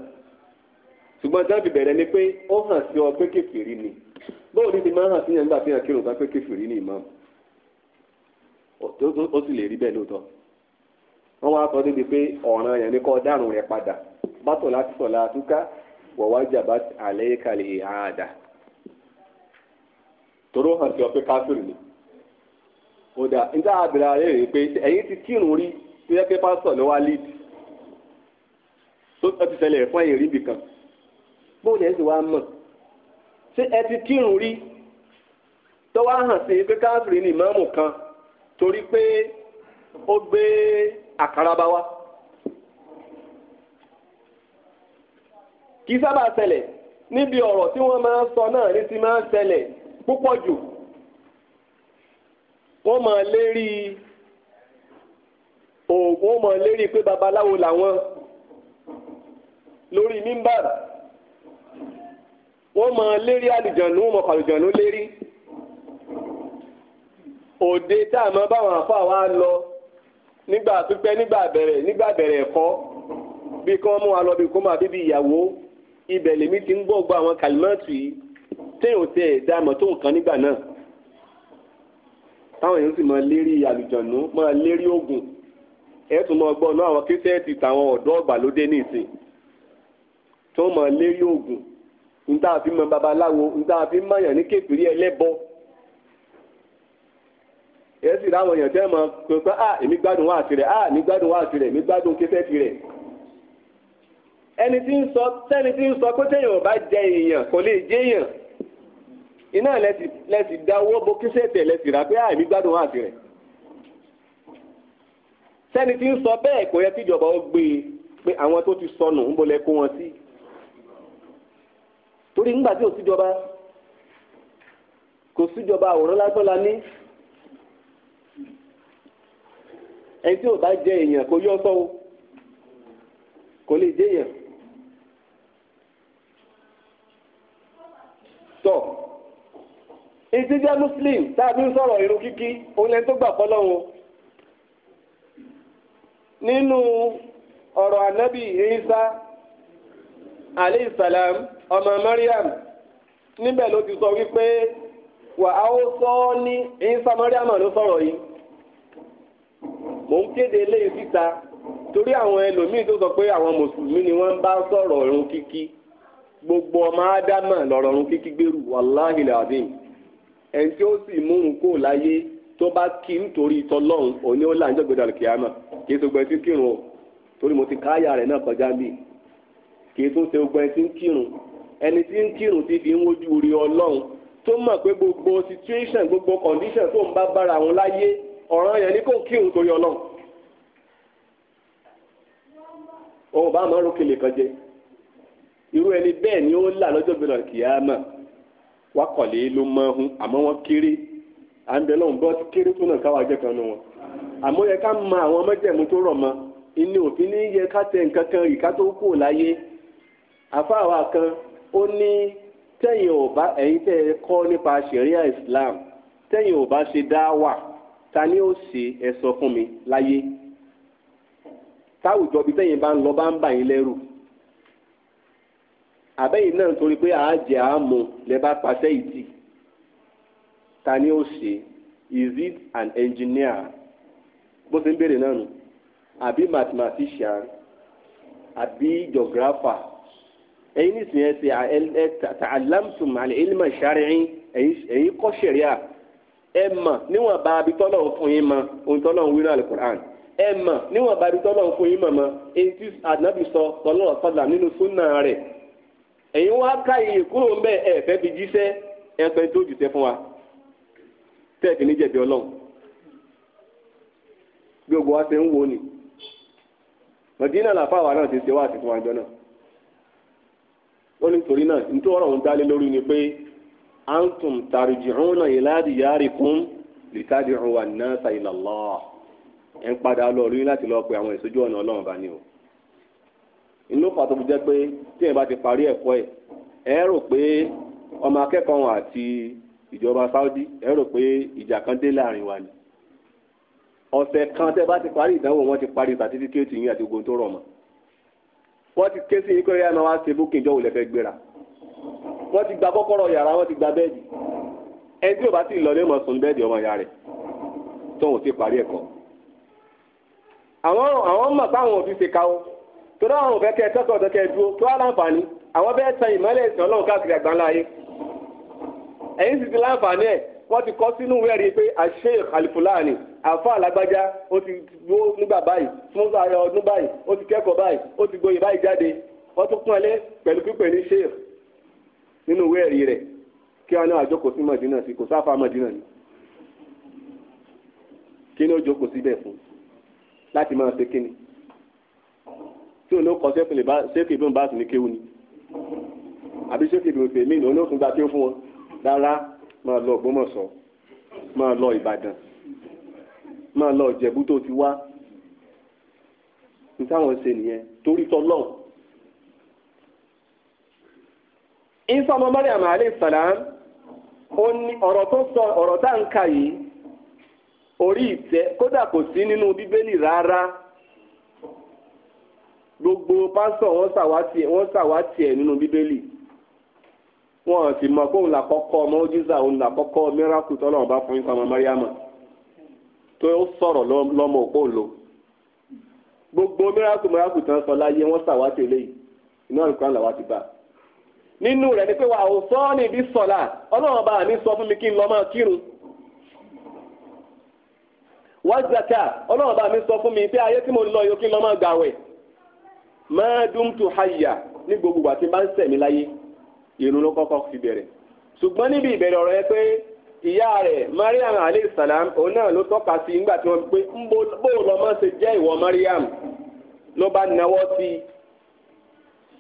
S1: ṣùgbọ́n dábì bẹ̀rẹ̀ ni pé ó hàn sí ni bóò ní ti máa hàn nígbà tí kírun kékeré ni ìmáàmù ó sì lè rí bẹ́ẹ̀ lóòótọ́ wọ́n wá sọ débi pé ọ̀ràn yẹn ni kọ́ dárùn rẹ padà bátọ̀ láti sọ̀lá àlẹ́ kalẹ̀ ni ó dà níta àbẹ̀rẹ̀ rè pé ti kírun rí tó yẹ pé pásítọ̀ ló wá líìdì tó ti fún kan. bóun yẹn sì wá mọ̀ ṣé ẹ ti kírun rí tọ́wọ́ hàn sí pé ní kan torí pé ó gbé àkàràbà wá. kì í sábà ṣẹlẹ̀ níbi ọ̀rọ̀ tí wọ́n máa ń sọ náà ní ti máa ń ṣẹlẹ̀ púpọ̀ jù wọ́n wọ́n máa lérí àlùjọ̀nù wọ́n máa fàlìjànú lérí òde tá a máa báwọn àfa wa lọ nígbà pípẹ́ nígbà bẹ̀rẹ̀ nígbà bẹ̀rẹ̀ ẹ̀kọ́ bí kí wọ́n mú wa lọ bí kó máa bíbí ìyàwó ibẹ̀ lèmi ti ń gbọ́ gbọ́ àwọn kàlímọ́ọ̀tù yìí téèyàn ẹ̀dá mọ̀ tó nǹkan nígbà náà táwọn èèyàn sì máa lérí lérí níta fi mọ babaláwo níta fi mọyàn ní kékeré ẹlẹ́bọ èyí sì ráwọn èèyàn tẹ́ mọ pé pé à ah, èmi gbádùn wá àti rẹ̀ à ah, mi gbádùn wá àti rẹ̀ mi gbádùn kéfẹ́ ti rẹ̀ ẹni tí ń sọ sẹ́ni tí ń sọ pé téèyàn ò bá jẹ èèyàn kò lè jẹ èèyàn iná lẹ́sì da owó bo kíṣẹ́ tẹ̀ lẹ́sì rà pé à ah, mi gbádùn wá àti rẹ̀ sẹ́ni tí ń sọ bẹ́ẹ̀ kò yẹ kíjọba ó gbé e pé àwọn tó ti sọnù ń bolẹ̀ kó wọn sí. Si torí ńgbà tí ò síjọba kò síjọba àwòrán lágbọ́la ní ẹni tí ò bá jẹ èèyàn kò yọ sọ́wọ́ kò lè jẹ èèyàn. tọ́ ètí muslim tàbí ń sọ̀rọ̀ irun kíkí òun lẹ́ni tó gbà fọlọ́run nínú ọ̀rọ̀ ànábì Ìsá. alayhi salam ọmọ mariam níbẹ̀ ló ti sọ wípé wà á ó sọ ọ́ ní ìyínsá mariam ló sọ̀rọ̀ yìí mò ń kéde eléyìí síta torí àwọn ẹlòmíín tó sọ pé àwọn mùsùlùmí ni wọ́n ń bá sọ̀rọ̀ ọ̀run kíkí gbogbo ọmọ ádámà lọ̀rọ̀ ọ̀run kíkí gbèrú wàláhì làdín ẹni ó sì mú un kó láyé bá kí tọlọ́run òní ó là kì í tún ṣe gbogbo ẹni tí ń kírun ẹni tí ń kírun ti fi ń wojú ọlọ́run tó mọ̀ pé gbogbo situation gbogbo condition tó ń bá bára àwọn láyé ọ̀ràn yẹn ni kò kírun torí ọlọ́run òun bá máa ń kan jẹ irú ẹni bẹ́ẹ̀ ni ó là lọ́jọ́ gbẹ̀rẹ̀ kìámà wákọ̀lé ló hun àmọ́ wọn kéré à ń bẹ lọ́hùn bọ́ kéré tó náà káwá jẹ́ kan nu wọn àmọ́ yẹ ká mọ àwọn tó rọ̀ mọ́ inú òfin ní yẹ ká tẹ nǹkan kan àfáàwà kan ó ní tẹ́yìn ò bá ẹ̀yin tẹ́ ẹ kọ́ nípa ṣẹ̀ríà Islam tẹ́yìn ò bá ṣe dá wà ta ni ó ṣe ẹ sọ fún mi láyé táwùjọ bíi tẹ́yìn bá ń lọ bá ń bà yín lẹ́rù àbẹ́yìn náà torí pé àájẹ àámu lẹ bá pàṣẹ ìtì ta ni ó ṣe is it an engineer bó ṣe ń béèrè náà nù àbí mathematician àbí geographer eyi nísìnyí ẹ ṣe ẹ ta'allamtum al-ilma shari'i ẹ̀yin kọ́ ẹ mọ̀ níwọ̀n bá abi fún yín mọ̀ ohun tọ́lọ̀ ń wíra al ẹ mọ̀ níwọ̀n bá abi fún yín mọ̀ mọ̀ èyí tí sọ tọ́lọ̀ sọ́dà nínú súnà rẹ̀ ẹ̀yin wá ká iye wa ní gbogbo wa ṣe ń wo ni wa náà ti ṣe wá ó ní torí náà ní tó ọ̀rọ̀ ń dálé lórí ni pé antum tarji'una ila diyarikum litad'u nasa ila Allah ẹ̀ ń padà lọ rí láti lọ pe àwọn ìṣojú ọ̀nà ọlọ́run bá ní o inú pàtó fi jẹ́ pé tí èèyàn bá ti parí ẹ̀kọ́ ẹ̀ ẹ rò pé ọmọ akẹ́kọ̀ọ́ wọn àti ìjọba Saudi ẹ rò pé ìjà kan dé láàrin wa kan tẹ́ bá ti parí ìdánwò wọn ti parí sàtífíkẹ́ẹ̀tì wọ́n ti ké sí yín pé ẹ máa wá ṣe bókè ìjọ òun lè fẹ́ gbéra wọ́n ti gba kọ́kọ́rọ́ yàrá wọ́n ti gba bẹ́ẹ̀dì ẹni tí ò bá ti lọ lé mọ̀ sùn bẹ́ẹ̀dì ọmọ ìyá rẹ̀ tóun ti parí ẹ̀kọ́. àwọn àwọn mọ̀ táwọn òfin ṣe káwọ́ torí àwọn òfẹ́ kẹ́ ẹ tẹ́kọ̀ọ́ tẹ́kẹ́ ẹ dúró tó aláǹfààní àwọn bẹ́ẹ̀ tan ìmọ́lẹ̀ ìsìn ọlọ́run káàkiri àgbáńlá ayé ẹ̀yìn sì ti láǹfààní ẹ̀ wọ́n ti kọ́ sínú ìwé ẹ̀rí pé àṣeyẹ àlìfúlàní àfa alágbájá ó ti wó nígbà báyìí fún ọdún báyìí ó ti kẹ́kọ̀ọ́ báyìí ó ti gboyè báyìí jáde wọ́n tún pọ́nlé pẹ̀lú pípẹ́ ní ṣeyẹ nínú ìwé ẹ̀rí rẹ̀ kí wọn náà àjókòó sí mọ̀dínà sí kò sáfà mọ̀dínà ni kí ni ó jókòó síbẹ̀ fún láti máa ṣe kíni tí òun ló kọ ṣéèkì ìbọn bá sì ní kéwu ni àbí ṣéèkì ìbọn fèmí ni òun ló tún gba kí ó fún wọn rárá. máa lọ Gbọmọsọ máa lọ Ìbàdàn máa lọ Ìjẹ̀bú tó ti wá ní ṣe nìyẹn torí tọlọ́ọ̀. Ìsá Mariam alayhi salam ó ní ọ̀rọ̀ tó sọ ọ̀rọ̀ tá à ń kà yìí orí ìtẹ́ kódà kò sí nínú Bíbélì rárá gbogbo wọ́n ṣàwátì ẹ̀ nínú wọn sì mọ̀ pé òun là kọ́kọ́ mọ́jísà òun là kọ́kọ́ bá fún yín sọmọ tó ó sọ̀rọ̀ lọ́mọ òpó òlo gbogbo mẹ́rákù mẹ́rákù tán sọ láyé wọ́n ṣàwátì yìí. iná ti bá nínú rẹ̀ ni pé wà ó sọ ní ibi sọ̀la ọlọ́run bá mi sọ fún mi kí n lọ irun ló kọ́kọ́ fi bẹ̀rẹ̀ ṣùgbọ́n níbi ìbẹ̀rẹ̀ ọ̀rọ̀ yẹn pé ìyá rẹ̀ mariam aleyhisselam òun náà ló tọ́ka sí nígbà tí wọ́n pé bó lọ́mọ ṣe jẹ́ ìwọ mariam ló bá nawọ́ sí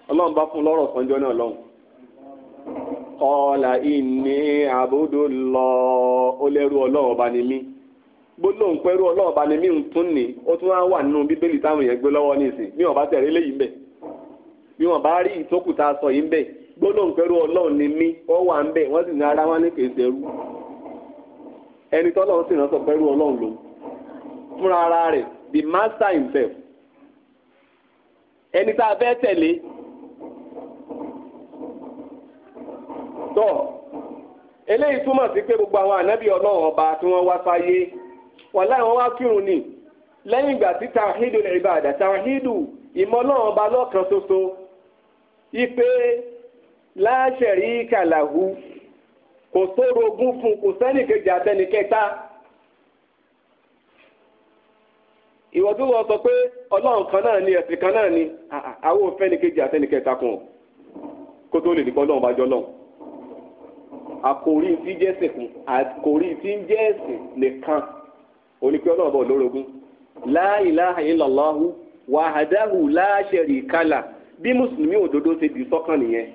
S1: i ọlọ́run bá fún lọ́rọ̀ sanjọ́ náà lọ́hùn. ọ̀la ìní àbúdó lọ ó lẹ́rú ọlọ́run ọba ni mí gbólóhùn pẹ́rú ọlọ́run ọba ni mí ń tún ní ó tún wá wà bíbélì táwọn èèyàn gbé lọ́wọ́ nísìnyí bí wọ́n bá tẹ̀lé léyìí ń bẹ̀ bí wọ́n bá rí ìtókùtà sọ yìí ń bẹ̀ gbólóhùn pẹ̀lú ọlọ́run ni mí ọ wà ń bẹ̀ wọ́n sì ní ara wọn ní kèsì ẹrú ẹni tọ́lọ́run sì rántọ́ pẹ̀lú ọlọ́run lòun fúnra ara rẹ̀ the master himself ẹni tá a fẹ́ tẹ̀lé tọ́ eléyìí túmọ̀ sí pé gbogbo àwọn ànábì ọlọ́run ọba tí wọ́n wá sáyé wọn láì wọ́n wá kírun ni lẹ́yìn ìgbà tí tàhídù lè tàhídù ìmọ̀ ọlọ́run ọba ṣoṣo láṣẹ̀rí kàlàhù kò sórogún fún kò kejì àtẹnìkẹta sọ pé ọlọ́run kan náà ni ẹ̀sìn kan náà ni àwọn òfin kan kó tó lè dìpọ́ ọlọ́run bá jọ lọ́hùn àkòrí tí nìkan ọlọ́run bọ̀ lórogún wàhádáhù bí mùsùlùmí òdodo ṣe sọ́kàn nìyẹn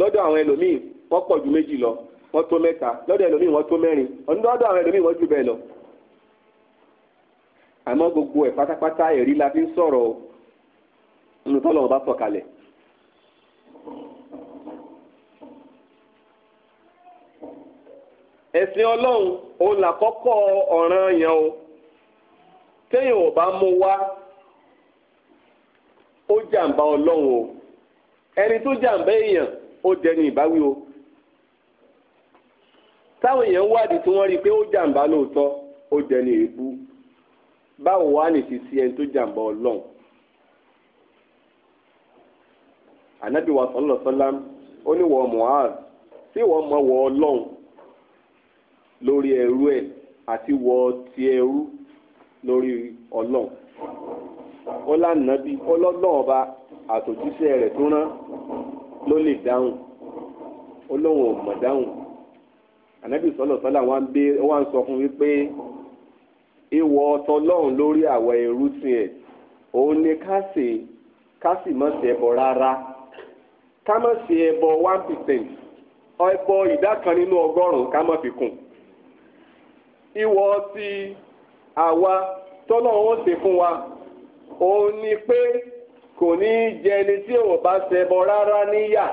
S1: lọ́dọ̀ àwọn ẹlòmíì wọ́n pọ̀ ju méjì lọ wọ́n tó mẹ́ta lọ́dọ̀ ẹlòmíì wọ́n tó mẹ́rin lọ́dọ̀ àwọn ẹlòmíì wọ́n ju bẹ́ẹ̀ lọ. àmọ́ gbogbo ẹ̀ pátápátá ẹ̀rí la fi ń sọ̀rọ̀ o nínú bá ẹ̀sìn ọlọ́run làkọ́kọ́ ọ̀ràn yẹn o ò bá mú wá ó jàǹbá ọlọ́run o ẹni ó dẹni ìbáwí o táwọn èèyàn wádìí tí wọ́n rí i pé ó jàǹbá lóòótọ́ ó dẹni èébú báwo wá nìsí sí ẹni tó jàǹbá ọlọ́run ànábì wa sọlọ sọlám ó ní wọ Mu'adh tí wọ́n mọ wọ ọlọ́run lórí ẹrú ẹ̀ àti wọ ti ẹrú lórí ọlọ́run ó lánàá bí ọlọ́lọ́ọ̀ba àtòjíṣẹ́ rẹ̀ tó rán ló lè dáhùn ó lóun ò mọ̀ dáhùn wọn wọn sọ fún mi pé ìwọ ọtọ lórí àwọn ẹrú tiẹ̀ òun ni ká sì ká sì ẹbọ rárá ká ẹbọ one percent ìdá kan nínú ọgọ́rùn ká fi ìwọ ti àwa ó fún wa òun ni pé. kò ní í jẹ ẹni tí ò bá ṣẹbọ rárá níyà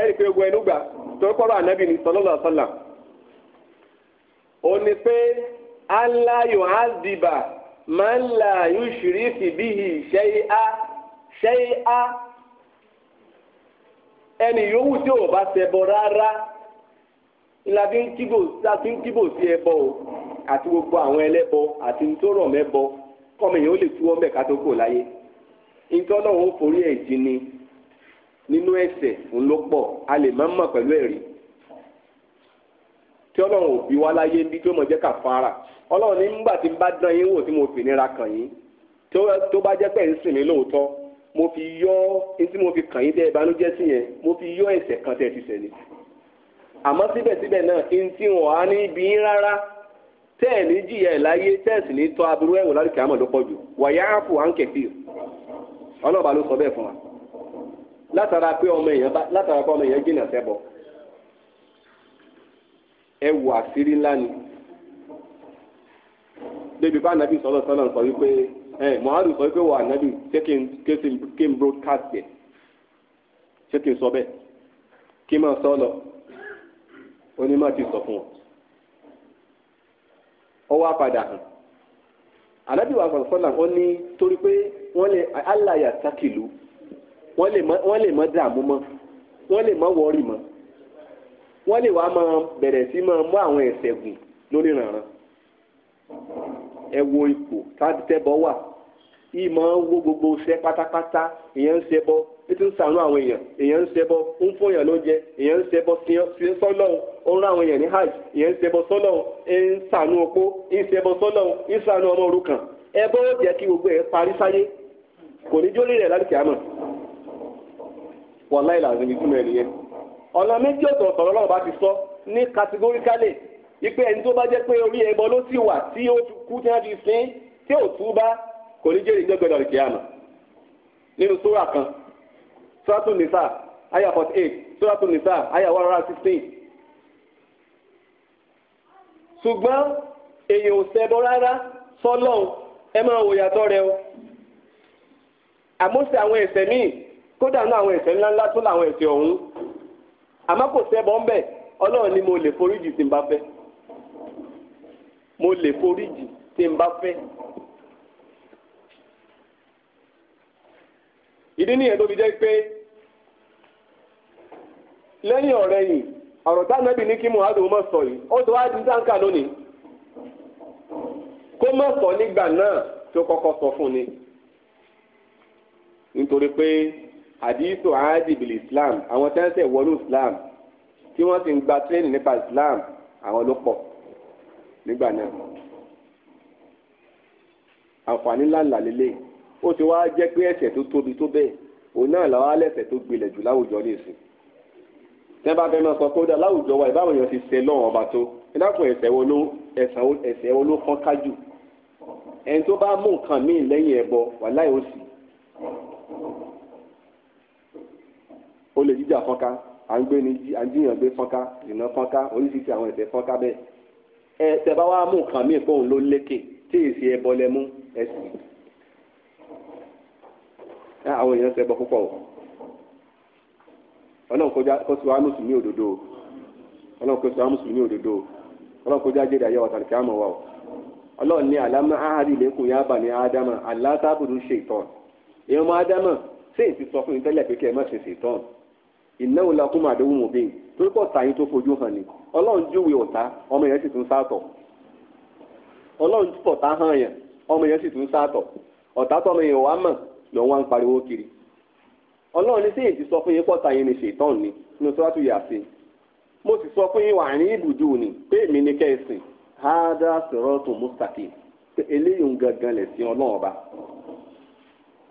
S1: ẹni pé gbogbo ẹnu gbà tó kọ́rọ̀ ànábì ní sọlọ́lá sọlá ó ní pé aláyọ̀ ádìbà máa ń la bihi shay'a shay'a ẹni yòówù tí ò bá ṣẹbọ rárá o àti gbogbo àwọn ẹlẹ́bọ àti ń tó kọ́mọ èèyàn ó lè mẹ́ka tó kò láyé. ntọ́lọ́hún ó forí ẹ̀ jì ni nínú ẹ̀ṣẹ̀ òun ló pọ̀ a lè má mọ̀ pẹ̀lú ẹ̀rí tí ọlọ́run ò bí wá láyé bí tó mọ̀ jẹ́ kàfàrà ọlọ́run ní nígbà tí n bá dán yín wò tí mo fi nira kàn yín tó bá jẹ́ pé ń sìn mí lóòótọ́ mo fi yọ ní tí mo fi kàn yín tẹ́ ìbànújẹ́ sí yẹn mo fi yọ ẹ̀ṣẹ̀ kan tẹ́ ti ṣẹlẹ̀ àmọ́ síbẹ̀síbẹ̀ náà ní tí wọ́n á ní ibi yín rárá tẹ́ ẹ̀ ní jìyà ẹ̀ láyé tẹ́ ẹ̀ sì ní tọ́ aburú ẹ̀wọ̀n lálùkẹ́ àmọ̀ ló jù wàyà àpò à ń kẹ̀fì ọlọ́ọ̀bà ló sọ bẹ́ẹ̀ fún wa látara pé ọmọ èèyàn bá látara pé ọmọ èèyàn jìnnà sẹ́bọ̀ ẹ wù àṣírí ńlá ni débi bá sọlọ sọlọ sọ wípé ẹ muhammadu sọ wípé wà n broadcast yẹ ṣé sọ sọ onímọ̀ ti sọ fún ọwọ́ apàdà hàn sọlọ sọlọ ní wọ́n lè aláya sákìlú wọ́n lè mọ́ dààmú mọ́ wọ́n lè mọ́ wọ́ọ̀rì mọ́ wọ́n lè wá máa bẹ̀rẹ̀ sí máa mú àwọn ẹ̀sẹ̀ gùn lórí rànran ẹ wo ipò tẹ́bọ̀ wà yìí máa ń wó gbogbo iṣẹ́ pátápátá èèyàn ń ṣẹbọ àwọn èèyàn èèyàn ń ń lóúnjẹ èèyàn ń sọ́lọ́hún ó ń àwọn èèyàn ní hajj èèyàn ń kò ní jó lílẹ̀ láti kíámà wọ́n láì làzìmí túmọ̀ ẹ̀ ọ̀nà méjì ọ̀tọ̀ọ̀tọ̀ lọ́wọ́ bá ti sọ ní kàtígóríkálẹ̀ ipe ẹni tó bá jẹ́ pé orí ẹbọ ló wà tí ó kú tí wọ́n ti sin tí ò tú bá kò ní jẹ́rìí ìjọgbẹ́dọ̀ rẹ̀ nínú sóra kan nìsà àyà forty ṣùgbọ́n èèyàn ò rárá sọ́lọ́ ẹ máa wòyàtọ̀ rẹ o. àmúṣe àwọn ẹ̀ṣẹ̀ míì kódà náà àwọn ẹ̀ṣẹ̀ ńláńlá tó làwọn ẹ̀ṣẹ̀ ọ̀hún àmọ́ kò sẹ́bọ̀ ń ni mo lè foríjì tí n bá mo lè foríjì tí n bá fẹ́. ìdí nìyẹn tó fi jẹ́ pé lẹ́yìn ọ̀rẹ́ yìí ọ̀rọ̀ ní kí muhammadu mọ̀ sọ yìí ó tó wá di sáńkà lónìí kó mọ̀ sọ náà tó kọ́kọ́ nítorí pé àdìsọ àádìbìlì islam àwọn tẹ́ńsẹ̀ wọnú islam tí wọ́n sì ń gba tírénì nípa islam àwọn ló pọ̀ nígbà náà àǹfààní ńláńlá lélẹ̀ ó ti wá jẹ́ pé ẹ̀ṣẹ̀ tó tóbi tó bẹ́ẹ̀ òun náà làwọn alẹ́ṣẹ̀ tó gbilẹ̀ jù láwùjọ ní ìsìn tẹ́ bá fẹ́ máa sọ pé ó dá láwùjọ wa ìbáwọn èèyàn ti ṣe lọ́wọ́n ọba tó ẹ dákun ẹ̀ṣẹ̀ wo ló ẹ̀ṣẹ̀ wo ló fọ́n kájù ẹni tó bá mú nǹkan míì lẹ́yìn ẹbọ wàláì ó sì o le fọ́nká à ń gbé ní à fɔka jiyàn gbé fọ́nká ìná fọ́nká oríṣiríṣi àwọn ẹ̀ṣẹ̀ fọ́nká bẹ́ẹ̀ ẹ tẹ bá wá mú nǹkan míì fóun ló lékè tí o ọlọ́run kọjá kó sọ mùsùlùmí òdodo o ọlọ́run mùsùlùmí òdodo o ọlọ́run kọjá jẹ́rìí kí o ní ní èèyàn máa dámọ̀ ṣé èsì sọ fún mi tẹ́lẹ̀ pé kí ẹ má ṣe ṣe tán ìnáwó la kún màdéhùn mò bẹ́ẹ̀ torí pọ̀ tàyín tó fojú hàn ni ọlọ́run júwe ọ̀tá ọmọ yẹn sì tún sáàtọ̀ ọlọ́run pọ̀ tá hàn yẹn ọmọ yẹn sì tún sáàtọ̀ ọ̀tá tọmọ yẹn wàá mọ̀ lòun wá ń pariwo kiri ọlọ́run ní sí èsì sọ fún yín pọ̀ tàyín ni ṣètọ́n ni nínú sọ́wọ́tò yàtí mo sì sọ fún yín wà ní ibùdó ni pé èmi ní kẹ́sìn hádà sọ̀rọ̀ tó mustaqim eléyìí ń gangan lẹ̀ sí ọlọ́run ọba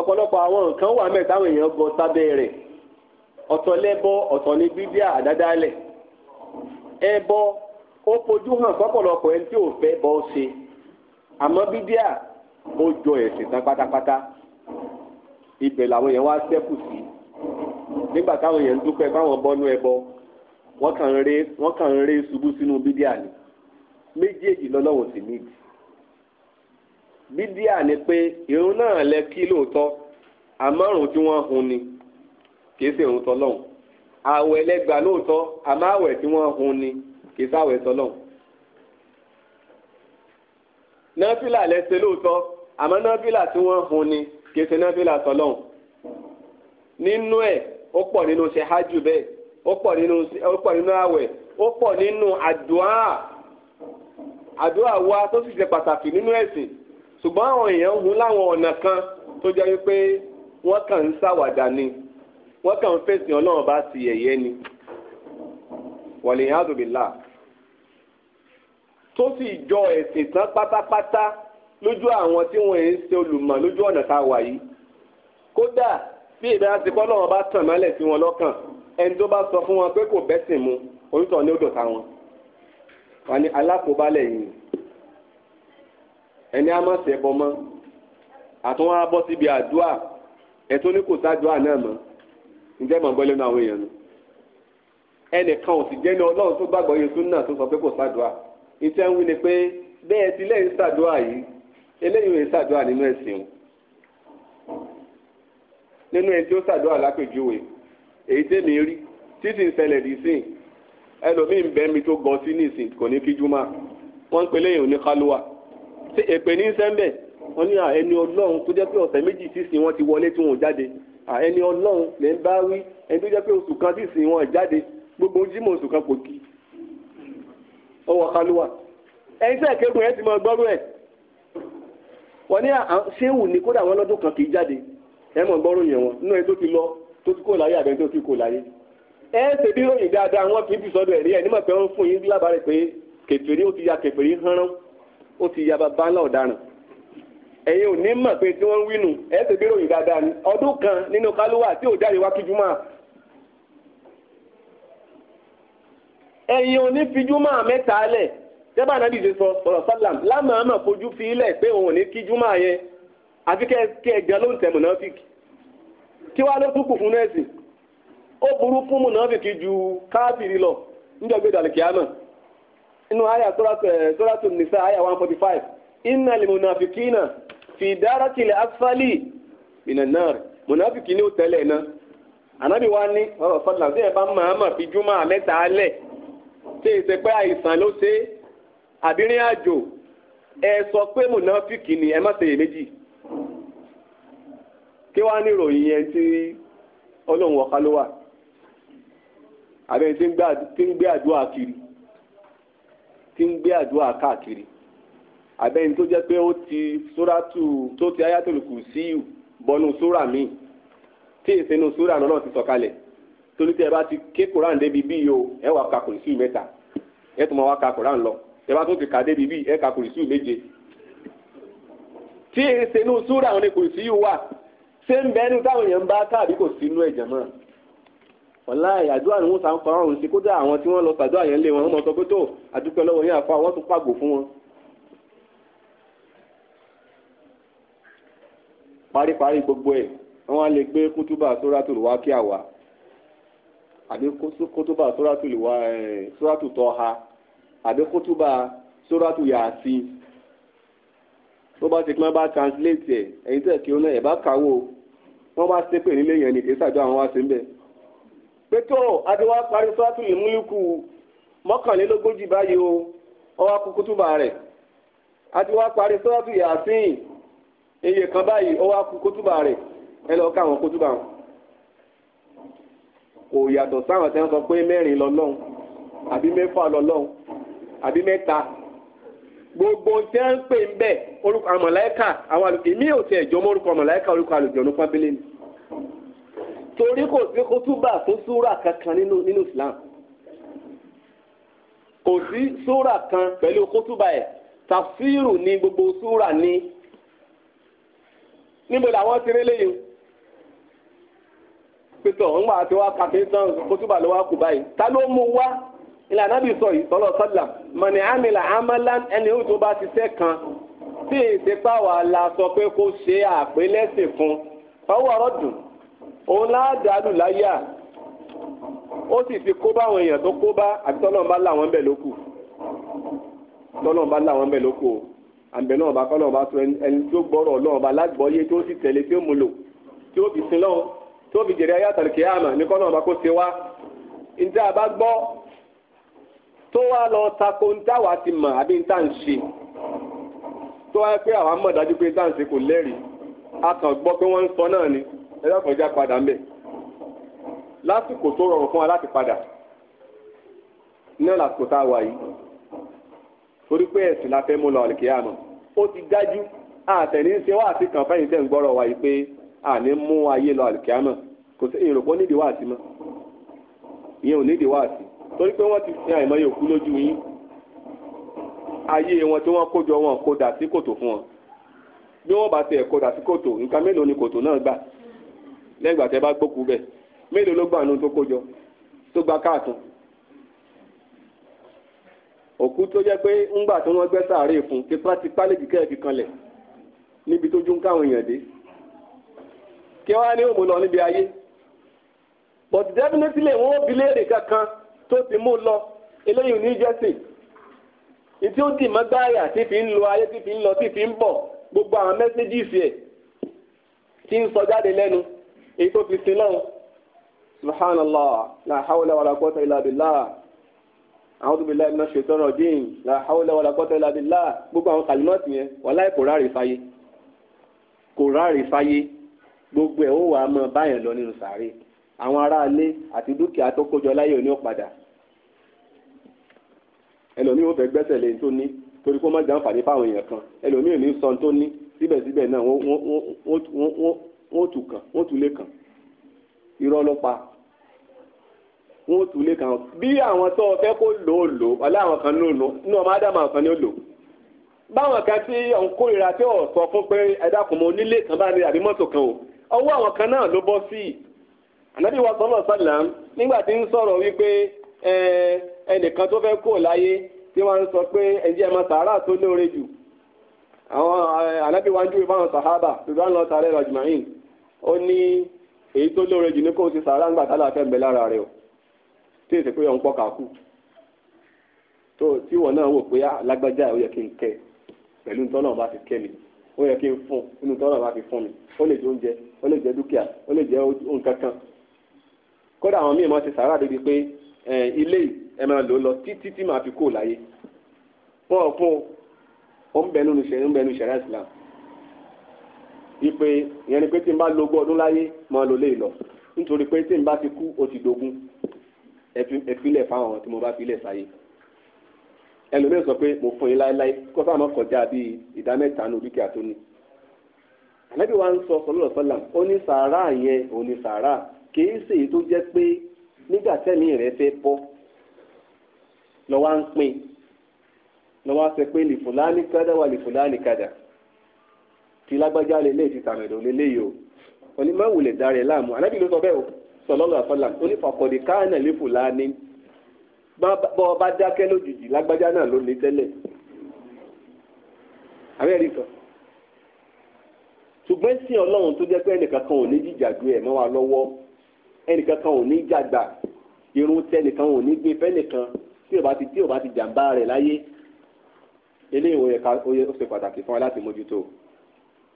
S1: ọ̀pọ̀lọpọ̀ àwọn nǹkan wà mẹ́ẹ̀ táwọn èèyàn bọ sábẹ́ rẹ̀ ọ̀tọ̀ lẹ́bọ ọ̀tọ̀ ní bíbíà àdádálẹ̀ ẹbọ ó fojú hàn fọ́pọ̀lọpọ̀ ẹni tí ò fẹ́ bọ́ ṣe àmọ́ bíbíà ó jọ ẹ̀sìn tán pátápátá ibẹ̀ làwọn èèyàn wá sẹ́kù sí nígbà táwọn èèyàn ń dúpẹ́ báwọn bọ́nú ẹbọ wọ́n kàn ń ré ṣubú sínú bíbíà ni méjèèjì lọ́lọ́wọ́ sí nídìí bídíà ni pé irun náà lẹ kí lóòótọ́ àmọ́rùn tí wọ́n hun ni kì í ṣe irun tọ́lọ́hùn àwẹ̀ lẹ́gbàá lóòótọ́ àmọ́ àwẹ̀ tí wọ́n hun ni kì í ṣàwẹ̀ tọ́lọ́hùn nọ́fìlà lẹ́sẹ̀ lóòótọ́ àmọ́ nọ́fìlà tí wọ́n hun ni kì í ṣe nọ́fìlà tọ́lọ́hùn nínú ẹ̀ ó pọ̀ nínú ṣe bẹ́ẹ̀ ó pọ̀ nínú àwẹ̀ ó pọ̀ nínú àdúà àdúà wa tó sì ṣe pàtàkì nínú ẹ̀sìn ṣùgbọ́n àwọn èèyàn ń hun láwọn ọ̀nà kan tó jẹ́ wípé wọ́n kàn ń ṣàwàdà ni wọ́n kàn ń fèsì ọlọ́run bá ti yẹ̀yẹ́ ni wàlíyàn àdùbìlà tó sì jọ ẹ̀sìn tán pátápátá lójú àwọn tí wọ́n ń ṣe olùmọ̀ lójú ọ̀nà tá a wà yìí kódà bí ìbára ti kọ́ lọ́wọ́ bá tàn mọ́lẹ̀ sí wọn lọ́kàn ẹni tó bá sọ fún wọn pé kò bẹ́sìn mu onítọ̀ ní ó dọ̀tá wọn wà alákòóbálẹ̀ yìí ẹni a má ṣẹbọ mọ́ àtúnwá bọ́ síbi àdúà ẹ̀tọ́ ní kò sádùá náà mọ́ ǹjẹ́ mọ̀ gbọ́ lẹ́nu àwọn èèyàn nù ẹnìkan ò sì jẹ́ ní ọlọ́run tó gbàgbọ́ yẹn tún náà tó sọ pé kò sádùá ìtẹ́ ń wí ni pé bẹ́ẹ̀ ti lẹ́yìn sádùá yìí eléyìí ò sádùá nínú ẹ̀sìn o nínú ẹni tí ó sádùá lápèjúwe èyí tèmi rí títí ìṣẹ̀lẹ̀ dì sí ẹlòmíín bẹ́ẹ̀ mi tó gọ sí nísìn kò ní kíjú máa wọ́n ń pe lẹ́yìn oníkálúwà èpè ní sẹ́ńbẹ̀ wọ́n ní ẹni ọlọ́run tó jẹ́ pé ọ̀sẹ̀ méjì sísìn wọn ti wọlé tí wọn ò jáde ẹni ọlọ́run lè ń bá wí ẹni tó jẹ́ pé oṣù kan sísìn wọn jáde gbogbo ojú mọ̀ oṣù kan kò kí ọwọ́ kálúwà ẹni sẹ́ẹ̀ kékun ẹ ti mọ gbọ́rú ẹ̀ wọ́n ní ṣéwù ni kódà wọn lọ́dún kan kì í jáde ẹ mọ̀ gbọ́rú yẹn wọn nínú ẹ tó ti lọ tó ti kó láyé àbẹ́ni tó ti kó láyé ẹ ṣe bí ròyìn dáadáa wọn kì í fi sọ́dọ̀ ẹ̀rí ẹ̀ nímọ̀ pé wọ́n fún yín lábàárẹ̀ pé kèfèrí ó ti ya kèfèrí hánrán ó ti yaba bánlá ọ̀daràn ẹ̀yin ò ní mọ̀ pé tí wọ́n ń wínú ẹ̀ bí ni ọdún kan nínú kálúwà tí ò jáde wá kíjú a. ẹ̀yin ò ní fijú máa mẹ́ta lẹ̀ tẹ́bà náà dìde sọ sálàm lámàámà fojú fi ilẹ̀ pé òun ò ní kíjú yẹn àfi kẹ́ ẹ jẹ́ ló ń tẹ̀ kí wàá ló tún kù fún nẹ́ẹ̀sì Inu àyà sóràtù nìsa àyà one forty five inna lè mùnàfìkínà fi dárakì lè asfali ìnà náà mùnàfìkí ni ó tẹ̀lé náà ànábì wa ní ọ̀rọ̀ sọ́dọ̀ tí ẹ̀ bá màmá fi júmọ́ mẹ́ta alẹ̀ tí èsè pé àìsàn ló ṣe àbírin àjò ẹ sọ pé mùnàfìkí ni ẹ má ṣe èméjì kí wàá ní ìròyìn yẹn tí ọlọ́run ọ̀ká ló wà àbẹ̀yìn tí ń gbé àdúrà kiri tí ń gbé àdúrà káàkiri àbẹ́ni tó jẹ́ pé ó ti sóràtù tó ti ayatollah kùsíù bọnú sóra míì tí ìsinú sóra náà ti sọ̀kalẹ̀ torí tí ẹ bá ti ké koran débi bíi o ẹ wà ka kùsíù mẹ́ta ẹ tún máa wá ka koran lọ ẹ bá tún ti kà débi bíi ẹ ka kùsíù méje tí ìsinú sóra náà ni wà ṣé ń bẹ́ẹ̀ ní táwọn èèyàn ń bá káàbí kò sínú ẹ̀jẹ̀ mọ́ wàlá àdúrà ni wọ́n sá ń fa ọrùn sí kódà àwọn tí wọ́n lọ sàdúrà yẹn lé wọn wọ́n mọ̀ sọ pé tó àdúpẹ́ lọ́wọ́ yẹn àfa wọ́n tún pàgò fún wọn. paríparí gbogbo ẹ̀ wọ́n á lè gbé kútúbà sóràtù wá kí àwa àbí kútúbà sóràtù wá sóràtù tọ́ha àbí kútúbà sóràtù yàtì tó bá ti pín bá translate ẹ̀ ẹ̀yin tẹ̀ kí ó náà ẹ̀ bá kàwó wọ́n bá ṣépè nílé yẹn nìké pé tó adéwà parí sọ́tù lè múlíkù mọ́kànlélógójì báyìí o ọwọ́ akúkútùbà rẹ̀ adéwà parí sọ́tù yàsín iye kan báyìí ọwọ́ akúkútùbà rẹ̀ ẹ lọ ká àwọn kútùbà wọn kò yàtọ̀ sáwọn tẹ́ ń sọ pé mẹ́rin lọ́lọ́run àbí mẹ́fà lọ́lọ́run àbí mẹ́ta gbogbo tẹ́ ń pè ń bẹ̀ orúkọ àmọ̀láyíkà àwọn àlùkò èmi ò tẹ̀ jọmọ́ orúkọ àmọ̀láyíkà orúkọ àlùjọ̀nù pábílẹ̀ ni torí kò sí kútúbà fún súrà kankan nínú nínú islam kò sí súrà kan pẹ̀lú kútúbà ẹ̀ tafsiru ní gbogbo súrà ní níbo làwọn ti rí lẹ́yìn pétọ̀ ńgbà tí wàá kàkí tán kútúbà ló wá kú báyìí ta ló mú wá ìlànà bí sọ yìí sọlọ sọlá mọ̀nì àmìlà amalan ẹni ó tó bá ti sẹ́ kan tí ìsepá wa la sọ pé kó ṣe àpélẹ́sìn fún fọwọ́ ọ̀rọ̀ dùn òun ládàálù láyà ó sì fi kó bá àwọn èèyàn tó kó bá àti tọ́lọ́n bá làwọn bẹ̀ lókù tọ́lọ́n bá làwọn bẹ̀ lókù o àbẹ̀ náà bá kọ́lọ́n bá tó ẹni tó gbọ́rọ̀ ọlọ́run bá lágbọ́yé tó sì tẹ̀lé tí ó mú lò tí ó fi sin lọ́hùn tí ó fi jèrè ayé àtàlùkè àmà ní kọ́lọ́n bá kó ṣe wá ǹjẹ́ àbá gbọ́ tó wá lọ tako ń táwa ti mọ̀ àbí ń tà ń ṣe tó wá pé àwa mọ̀ dájú pé tá à ń ṣe kò lẹ́rìí a kàn gbọ́ pé wọ́n ń sọ náà ni ẹ dákun ẹja padà ń bẹ̀ lásìkò tó rọrùn fún wa láti padà náà lásìkò tá a wà yìí torí pé ẹ̀sìn la fẹ́ mú lọ ọ̀lẹ́kẹ́ àmọ́ ó ti dájú àtẹ̀ní ń ṣe wá àti kàn fẹ́yìn tẹ̀ ń gbọ́rọ̀ wa yìí pé àní mú ayé lọ ọ̀lẹ́kẹ́ àmọ́ kò sí ìròpọ̀ nídìí wá àti mọ́ ìyẹn ò nídìí wá àti torí pé wọ́n ti fi àìmọye òkú lójú yín ayé wọn tí wọ́n kójọ wọn kó dà sí kòtò fún wọn bí wọ́n bá tẹ̀ kó dà sí kòtò nǹkan mélòó ni kòtò náà gbà lẹ́gbàá tẹ́ bá gbókù bẹ̀ mélòó ló gbàánu tó kójọ tó gba káàtó òkú tó jẹ́ pé ńgbà tí wọ́n gbẹ́ sàárè fún tipátipá lè jìkẹ́ ẹ̀fì kanlẹ̀ níbi tó jú ń káwọn èèyàn dé kí wọ́n á ní òmùlọ níbi ayé but definitely wọ́n bi léèrè kankan tó ti mú lọ eléyìí ní jẹ́sìn ìtí ó dì mọ́ tí fi ń lo ayé tí fi ń lọ tí fi ń bọ̀ gbogbo àwọn mẹ́sẹ́gì ìfẹ́ tí ń sọ jáde lẹ́nu èyí tó fi sin náà subhanallah la hawla wala quwwata illa billah a'udhu billahi minash shaitani rajim la hawla wala quwwata illa billah gbogbo àwọn kàlímọ́ọ̀tì yẹn wàláì kò ráre fáyé kò ráre fáyé gbogbo ẹ̀ ó wà á mọ báyẹn lọ nínú sàárè àwọn aráalé àti dúkìá tó kójọ láyé òní ọ̀padà ẹlòmíì ó fẹ́ gbẹ́sẹ̀ lé tó ní torí kó má jàǹfààní fáwọn èèyàn kan ẹlòmíì ò ní sọ tó ní síbẹ̀síbẹ̀ náà wọ́n wọ́n tù kàn wọ́n tù lé kàn irọ́ ló pa tù lé bí àwọn tó o fẹ́ kó lò ó lò ọ̀lẹ́ àwọn kan ní òun ní ọmọ ádámù àwọn kan ní ó lò báwọn kan tí òun kórìíra tí ò fún pé ẹ dákun kan bá ní àbí mọ́tò kan o àwọn kan náà ló bọ́ sí i ànábì wa nígbà tí ń sọ̀rọ̀ wípé ẹnìkan tó fẹ́ kó láyé tí ó ní èyí tó lóore jù ní kó o ti sàárà ńgbà tá láàfẹ́ ńbẹ lára rẹ o tí èsì pé ọ̀npọ̀ kà kù tó tí ìwọ náà wò pé ah, lágbájá ó yẹ kí n kẹ pẹ̀lú nítorí náà bá ti kẹ́ mi ó yẹ kí n fún inú tọ́lọ̀ máa fi fún mi ó lè jẹ oúnjẹ ó lè jẹ dúkìá ó lè jẹ nǹkan kan kódà àwọn míì máa ti sàárà débi pé ilé ẹ máa lò ó lọ títí tí màá fi kó láyé wọn fún o ó ń bẹnu ṣẹ̀rẹ́ ń bẹnu ṣẹ̀rẹ́ Islam Ipe ìyẹn ni pé tí n bá lógún ọdún láyé máa lò léè lọ nítorí pé tí n bá ti kú ó ti dogun ẹfilẹ̀ fáwọn tí mo bá filẹ̀ sáyé ẹlòmíràn sọ pé mo fún yín láéláé kó sáà má kọjá bíi ìdá mẹ́ta nù dúkìá tó ní ànábì wa ń sọ sọlọ́lọ́ sọ́là ó ní sàárà yẹn ò ní sàárà kì í ṣèyí tó jẹ́ pé nígbà tẹ́mi rẹ̀ fẹ́ bọ́ lọ́wọ́ à ń pín lọ́wọ́ à ń sẹ pé lìfúláàní kádà wà lìfúláàní kádà ti lágbájá lélẹ̀ ti tàmẹ̀dọ̀ lélẹ̀ yìí o òní má wulẹ̀ darí ẹ̀ láàmú anábì ló sọ bẹ́ẹ̀ o sọlọ́lọ́ àfọlà onífàkọ̀dé káànà léfò láàní bọ́ ọ bá dákẹ́ lójijì lágbájá náà ló ní tẹ́lẹ̀ abẹ́rẹ́ sọ ṣùgbọ́n sí ọlọ́run tó jẹ́ pé ẹnìkankan ò ní jìjàdù ẹ̀ mọ́ wa lọ́wọ́ ẹnìkankan ò ní jàgbà irun tẹnìkan ò ní gbé fẹ́nìkan tí ò bá ti tí ò bá ti jàǹbá rẹ̀ láyé eléyìí ó yẹ ká ó ṣe pàtàkì fún wa láti mójútó o.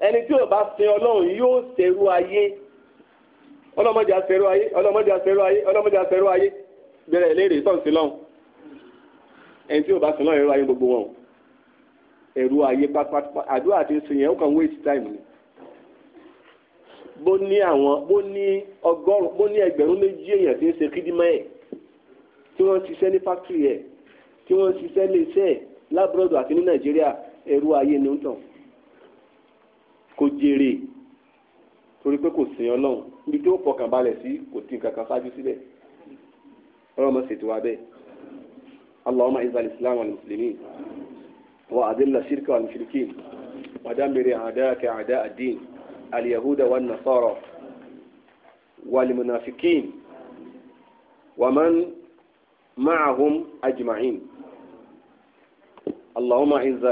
S1: ẹni tí ò bá sin ọlọ́run yóò ṣerú ayé ọlọ́mọdé aṣerú ayé ọlọ́mọdé aṣerú ayé ọlọ́mọdé aṣerú ayé bẹ̀rẹ̀ léèrè sọ̀nsìn lọ́hùn ẹni tí ò bá sin lọ́run ẹrú ayé gbogbo wọn ẹrú ayé pátápátá àdúrà àti sìn yẹn ó kàn waste time ni bó ní àwọn bó ní ọgọ́rùn bó ní ẹgbẹ̀rún méjì èèyàn tí ń ṣe kídímọ́ ẹ̀ tí wọ́n ń ṣiṣẹ́ ní fákítìrì ẹ̀ tí wọ́n ń ṣiṣẹ́ léṣẹ́ ẹ̀ lábúrọ̀dù àti ní nàìjíríà ẹrú ayé ni ó ń tàn kó jèrè torí pé kò sìn ọlọ́run ibi tí ó fọkàn balẹ̀ sí kò tí nǹkan kan ṣáájú síbẹ̀ ọlọ́mọ ṣètò wa bẹ́ẹ̀ allahumma izal islam wal muslimin wa adilla shirka wal mushrikin wa dambiri a'daka a'da ad al yahuda wan nasara wal munafiqin wa man ma'ahum ajma'in اللهم أعز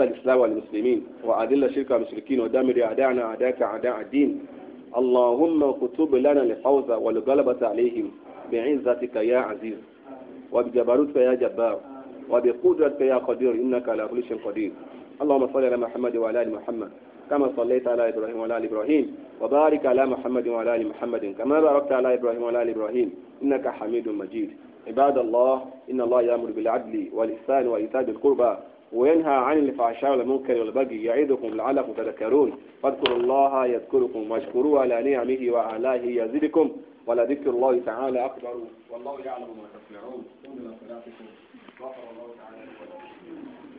S1: الإسلام والمسلمين وأذل الشرك والمشركين ودمر أعداءنا أعداءك أعداء الدين اللهم اكتب لنا الفوز والغلبة عليهم بعزتك يا عزيز وبجبروتك يا جبار وبقدرتك يا قدير إنك على كل شيء قدير اللهم صل على محمد وعلى آل محمد كما صليت على إبراهيم وعلى آل إبراهيم وبارك على محمد وعلى آل محمد كما باركت على إبراهيم وعلى آل إبراهيم إنك حميد مجيد عباد الله إن الله يأمر بالعدل والإحسان وإيتاء ذي القربى وينهى عن الفحشاء والمنكر والبغي يعظكم لعلكم تذكرون فاذكروا الله يذكركم واشكروه على نعمه وعلاه يزدكم ولذكر الله تعالى أكبر والله يعلم ما تصنعون إلى صلاتكم غفر الله تعالى